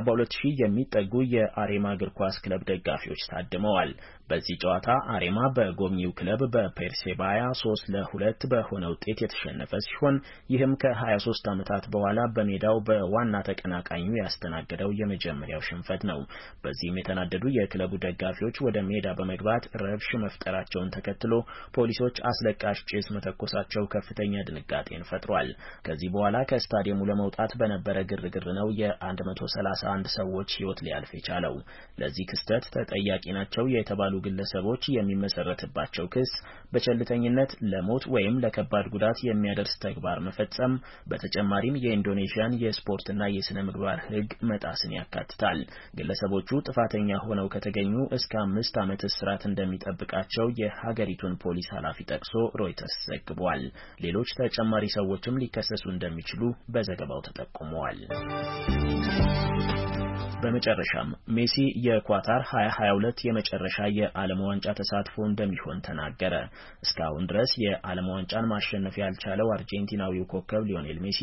42000 የሚጠጉ የአሬማ እግር ኳስ ክለብ ደጋፊዎች ታደ አስቀድመዋል። በዚህ ጨዋታ አሬማ በጎብኚው ክለብ በፔርሴባያ ሶስት ለሁለት በሆነ ውጤት የተሸነፈ ሲሆን ይህም ከ23 ዓመታት በኋላ በሜዳው በዋና ተቀናቃኙ ያስተናገደው የመጀመሪያው ሽንፈት ነው። በዚህም የተናደዱ የክለቡ ደጋፊዎች ወደ ሜዳ በመግባት ረብሽ መፍጠራቸውን ተከትሎ ፖሊሶች አስለቃሽ ጭስ መተኮሳቸው ከፍተኛ ድንጋጤን ፈጥሯል። ከዚህ በኋላ ከስታዲየሙ ለመውጣት በነበረ ግርግር ነው የ131 ሰዎች ሕይወት ሊያልፍ የቻለው። ለዚህ ክስተት ተጠያቂ ናቸው የተባሉ ግለሰቦች የሚመሰረትባቸው ክስ በቸልተኝነት ለሞት ወይም ለከባድ ጉዳት የሚያደርስ ተግባር መፈጸም፣ በተጨማሪም የኢንዶኔዥያን የስፖርትና የስነ ምግባር ሕግ መጣስን ያካትታል። ግለሰቦቹ ጥፋተኛ ሆነው ከተገኙ እስከ አምስት ዓመት እስራት እንደሚጠብቃቸው የሀገሪቱን ፖሊስ ኃላፊ ጠቅሶ ሮይተርስ ዘግቧል። ሌሎች ተጨማሪ ሰዎችም ሊከሰሱ እንደሚችሉ በዘገባው ተጠቁመዋል። በመጨረሻም ሜሲ የኳታር 2022 የመጨረሻ የዓለም ዋንጫ ተሳትፎ እንደሚሆን ተናገረ። እስካሁን ድረስ የዓለም ዋንጫን ማሸነፍ ያልቻለው አርጀንቲናዊው ኮከብ ሊዮኔል ሜሲ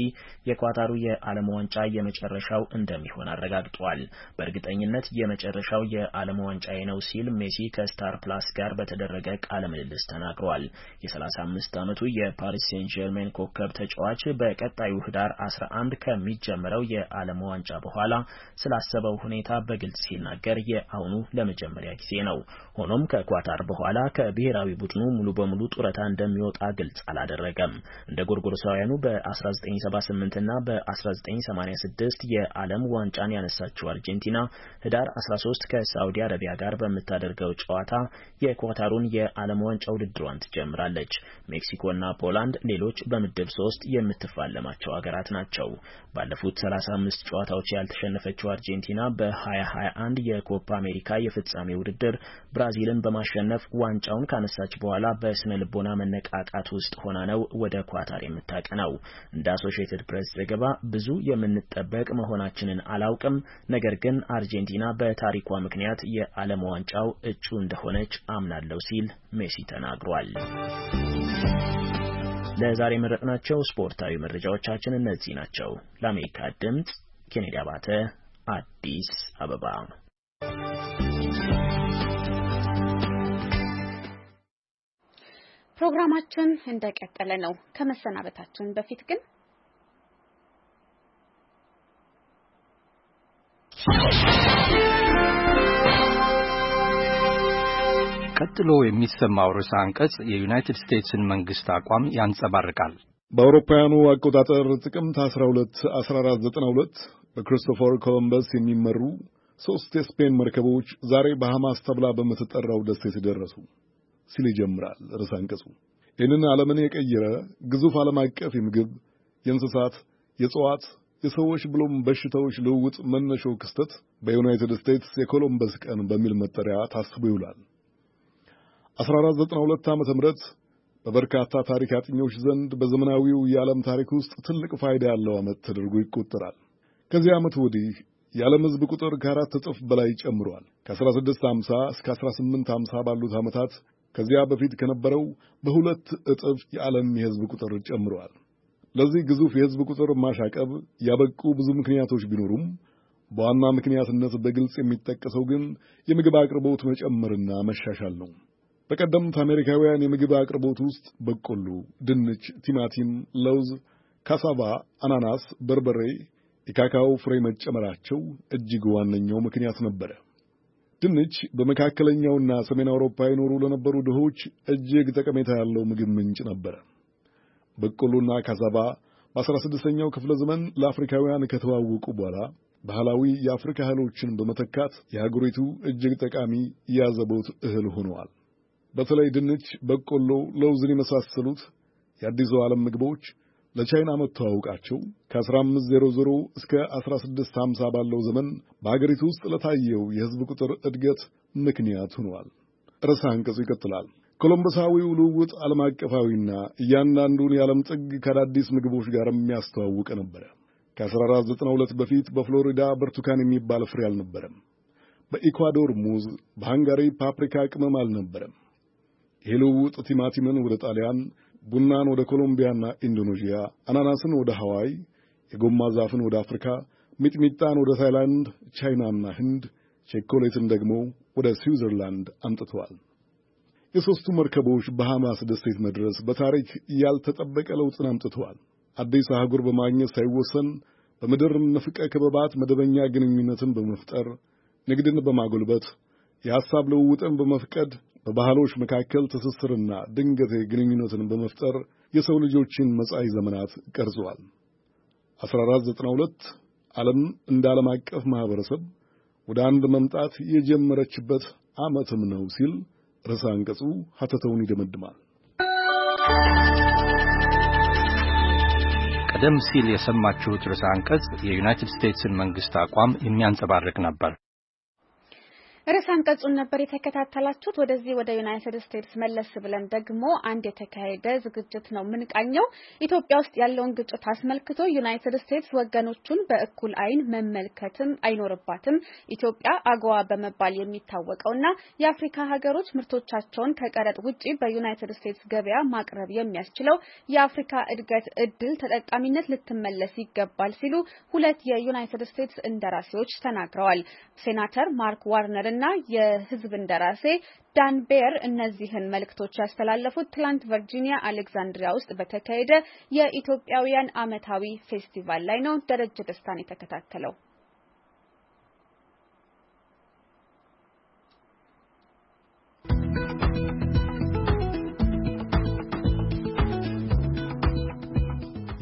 የኳታሩ የዓለም ዋንጫ የመጨረሻው እንደሚሆን አረጋግጧል። በእርግጠኝነት የመጨረሻው የዓለም ዋንጫዬ ነው ሲል ሜሲ ከስታር ፕላስ ጋር በተደረገ ቃለ ምልልስ ተናግሯል። የ35 ዓመቱ የፓሪስ ሴን ጀርሜን ኮከብ ተጫዋች በቀጣዩ ህዳር 11 ከሚጀምረው የዓለም ዋንጫ በኋላ ስላሰ ስለቀረበው ሁኔታ በግልጽ ሲናገር የአሁኑ ለመጀመሪያ ጊዜ ነው። ሆኖም ከኳታር በኋላ ከብሔራዊ ቡድኑ ሙሉ በሙሉ ጡረታ እንደሚወጣ ግልጽ አላደረገም። እንደ ጎርጎሮሳውያኑ በ1978 እና በ1986 የዓለም ዋንጫን ያነሳችው አርጀንቲና ህዳር 13 ከሳዲ አረቢያ ጋር በምታደርገው ጨዋታ የኳታሩን የዓለም ዋንጫ ውድድሯን ትጀምራለች። ሜክሲኮና ፖላንድ ሌሎች በምድብ ሶስት የምትፋለማቸው ሀገራት ናቸው። ባለፉት 35 ጨዋታዎች ያልተሸነፈችው አርጀንቲና አርጀንቲና በ2021 የኮፓ አሜሪካ የፍጻሜ ውድድር ብራዚልን በማሸነፍ ዋንጫውን ካነሳች በኋላ በስነ ልቦና መነቃቃት ውስጥ ሆና ነው ወደ ኳታር የምታቀናው። እንደ አሶሽየትድ ፕሬስ ዘገባ ብዙ የምንጠበቅ መሆናችንን አላውቅም፣ ነገር ግን አርጀንቲና በታሪኳ ምክንያት የዓለም ዋንጫው እጩ እንደሆነች አምናለሁ ሲል ሜሲ ተናግሯል። ለዛሬ የመረጥናቸው ስፖርታዊ መረጃዎቻችን እነዚህ ናቸው። ለአሜሪካ ድምፅ ኬኔዲ አባተ አዲስ አበባ ፕሮግራማችን እንደቀጠለ ነው። ከመሰናበታችን በፊት ግን ቀጥሎ የሚሰማው ርዕሰ አንቀጽ የዩናይትድ ስቴትስን መንግስት አቋም ያንጸባርቃል። በአውሮፓውያኑ አቆጣጠር ጥቅምት 12 1492 በክሪስቶፈር ኮሎምበስ የሚመሩ ሦስት የስፔን መርከቦች ዛሬ በሐማስ ተብላ በምትጠራው ደሴት ደረሱ ሲል ይጀምራል ርዕሰ አንቀጹ። ይህንን ዓለምን የቀየረ ግዙፍ ዓለም አቀፍ የምግብ፣ የእንስሳት፣ የእጽዋት፣ የሰዎች ብሎም በሽታዎች ልውውጥ መነሾ ክስተት በዩናይትድ ስቴትስ የኮሎምበስ ቀን በሚል መጠሪያ ታስቦ ይውላል። 1492 ዓ ም በበርካታ ታሪክ አጥኞች ዘንድ በዘመናዊው የዓለም ታሪክ ውስጥ ትልቅ ፋይዳ ያለው ዓመት ተደርጎ ይቆጠራል። ከዚህ ዓመት ወዲህ የዓለም ሕዝብ ቁጥር ከአራት እጥፍ በላይ ጨምሯል። ከ1650 እስከ 1850 ባሉት ዓመታት ከዚያ በፊት ከነበረው በሁለት እጥፍ የዓለም የሕዝብ ቁጥር ጨምሯል። ለዚህ ግዙፍ የሕዝብ ቁጥር ማሻቀብ ያበቁ ብዙ ምክንያቶች ቢኖሩም በዋና ምክንያትነት በግልጽ የሚጠቀሰው ግን የምግብ አቅርቦት መጨመርና መሻሻል ነው። በቀደምት አሜሪካውያን የምግብ አቅርቦት ውስጥ በቆሎ፣ ድንች፣ ቲማቲም፣ ለውዝ፣ ካሳቫ፣ አናናስ፣ በርበሬ፣ የካካው ፍሬ መጨመራቸው እጅግ ዋነኛው ምክንያት ነበረ። ድንች በመካከለኛውና ሰሜን አውሮፓ ይኖሩ ለነበሩ ድሆች እጅግ ጠቀሜታ ያለው ምግብ ምንጭ ነበረ። በቆሎና ካዛባ በ16ኛው ክፍለ ዘመን ለአፍሪካውያን ከተዋወቁ በኋላ ባህላዊ የአፍሪካ እህሎችን በመተካት የሀገሪቱ እጅግ ጠቃሚ ያዘቦት እህል ሆነዋል። በተለይ ድንች፣ በቆሎ፣ ለውዝን የመሳሰሉት የአዲሱ ዓለም ምግቦች ለቻይና መተዋወቃቸው ከ1500 እስከ 1650 ባለው ዘመን በአገሪቱ ውስጥ ለታየው የሕዝብ ቁጥር እድገት ምክንያት ሆኗል። ርዕሰ አንቀጹ ይቀጥላል። ኮሎምበሳዊው ልውውጥ ዓለም አቀፋዊና እያንዳንዱን የዓለም ጥግ ከአዳዲስ ምግቦች ጋር የሚያስተዋውቅ ነበረ። ከ1492 በፊት በፍሎሪዳ ብርቱካን የሚባል ፍሬ አልነበረም። በኢኳዶር ሙዝ፣ በሃንጋሪ ፓፕሪካ ቅመም አልነበረም። ይህ ልውውጥ ቲማቲምን ወደ ጣሊያን ቡናን ወደ ኮሎምቢያና ኢንዶኔዥያ፣ አናናስን ወደ ሐዋይ፣ የጎማ ዛፍን ወደ አፍሪካ፣ ሚጥሚጣን ወደ ታይላንድ፣ ቻይናና ህንድ፣ ቼኮሌትን ደግሞ ወደ ስዊዘርላንድ አምጥተዋል። የሦስቱ መርከቦች በሐማስ ደሴት መድረስ በታሪክ ያልተጠበቀ ለውጥን አምጥተዋል። አዲስ አህጉር በማግኘት ሳይወሰን በምድር ነፍቀ ክበባት መደበኛ ግንኙነትን በመፍጠር ንግድን በማጎልበት የሐሳብ ልውውጥን በመፍቀድ በባህሎች መካከል ትስስርና ድንገት ግንኙነትን በመፍጠር የሰው ልጆችን መጻኢ ዘመናት ቀርጸዋል። 1492 ዓለም እንደ ዓለም አቀፍ ማህበረሰብ ወደ አንድ መምጣት የጀመረችበት ዓመትም ነው ሲል ርዕሰ አንቀጹ ሐተተውን ይደመድማል። ቀደም ሲል የሰማችሁት ርዕሰ አንቀጽ የዩናይትድ ስቴትስን መንግሥት አቋም የሚያንጸባርቅ ነበር። ርዕሰ አንቀጹን ነበር የተከታተላችሁት። ወደዚህ ወደ ዩናይትድ ስቴትስ መለስ ብለን ደግሞ አንድ የተካሄደ ዝግጅት ነው ምንቃኘው። ኢትዮጵያ ውስጥ ያለውን ግጭት አስመልክቶ ዩናይትድ ስቴትስ ወገኖቹን በእኩል ዓይን መመልከትም አይኖርባትም። ኢትዮጵያ አገዋ በመባል የሚታወቀውና የአፍሪካ ሀገሮች ምርቶቻቸውን ከቀረጥ ውጪ በዩናይትድ ስቴትስ ገበያ ማቅረብ የሚያስችለው የአፍሪካ እድገት እድል ተጠቃሚነት ልትመለስ ይገባል ሲሉ ሁለት የዩናይትድ ስቴትስ እንደራሴዎች ተናግረዋል። ሴናተር ማርክ ዋርነር እና የህዝብ እንደራሴ ዳን ቤር እነዚህን መልእክቶች ያስተላለፉት ትላንት ቨርጂኒያ አሌክዛንድሪያ ውስጥ በተካሄደ የኢትዮጵያውያን አመታዊ ፌስቲቫል ላይ ነው። ደረጀ ደስታን የተከታተለው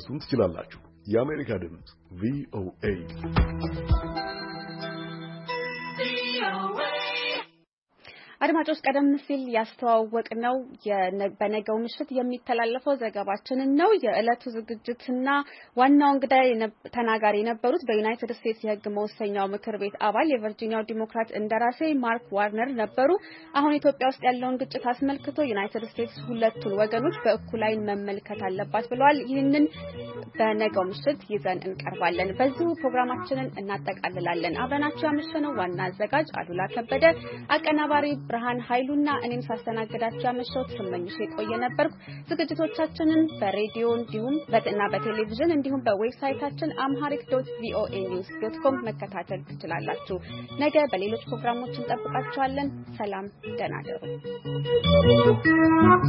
ልታደርሱን ትችላላችሁ። የአሜሪካ ድምፅ ቪኦኤ አድማጮች ቀደም ሲል ያስተዋወቅ ነው በነገው ምሽት የሚተላለፈው ዘገባችንን ነው። የዕለቱ ዝግጅትና ዋናው እንግዳ ተናጋሪ የነበሩት በዩናይትድ ስቴትስ የሕግ መወሰኛው ምክር ቤት አባል የቨርጂኒያው ዲሞክራት እንደራሴ ማርክ ዋርነር ነበሩ። አሁን ኢትዮጵያ ውስጥ ያለውን ግጭት አስመልክቶ ዩናይትድ ስቴትስ ሁለቱን ወገኖች በእኩል ዓይን መመልከት አለባት ብለዋል። ይህንን በነገው ምሽት ይዘን እንቀርባለን። በዚሁ ፕሮግራማችንን እናጠቃልላለን። አብረናቸው ያመሸነው ዋና አዘጋጅ አሉላ ከበደ አቀናባሪ ብርሃን ኃይሉና እኔም ሳስተናግዳችሁ ያመሸሁት ስመኝሽ የቆየ ነበርኩ። ዝግጅቶቻችንን በሬዲዮ እንዲሁም በጥና በቴሌቪዥን እንዲሁም በዌብሳይታችን አምሃሪክ ዶት ቪኦኤ ኒውስ ዶት ኮም መከታተል ትችላላችሁ። ነገ በሌሎች ፕሮግራሞች እንጠብቃችኋለን። ሰላም፣ ደህና እደሩ።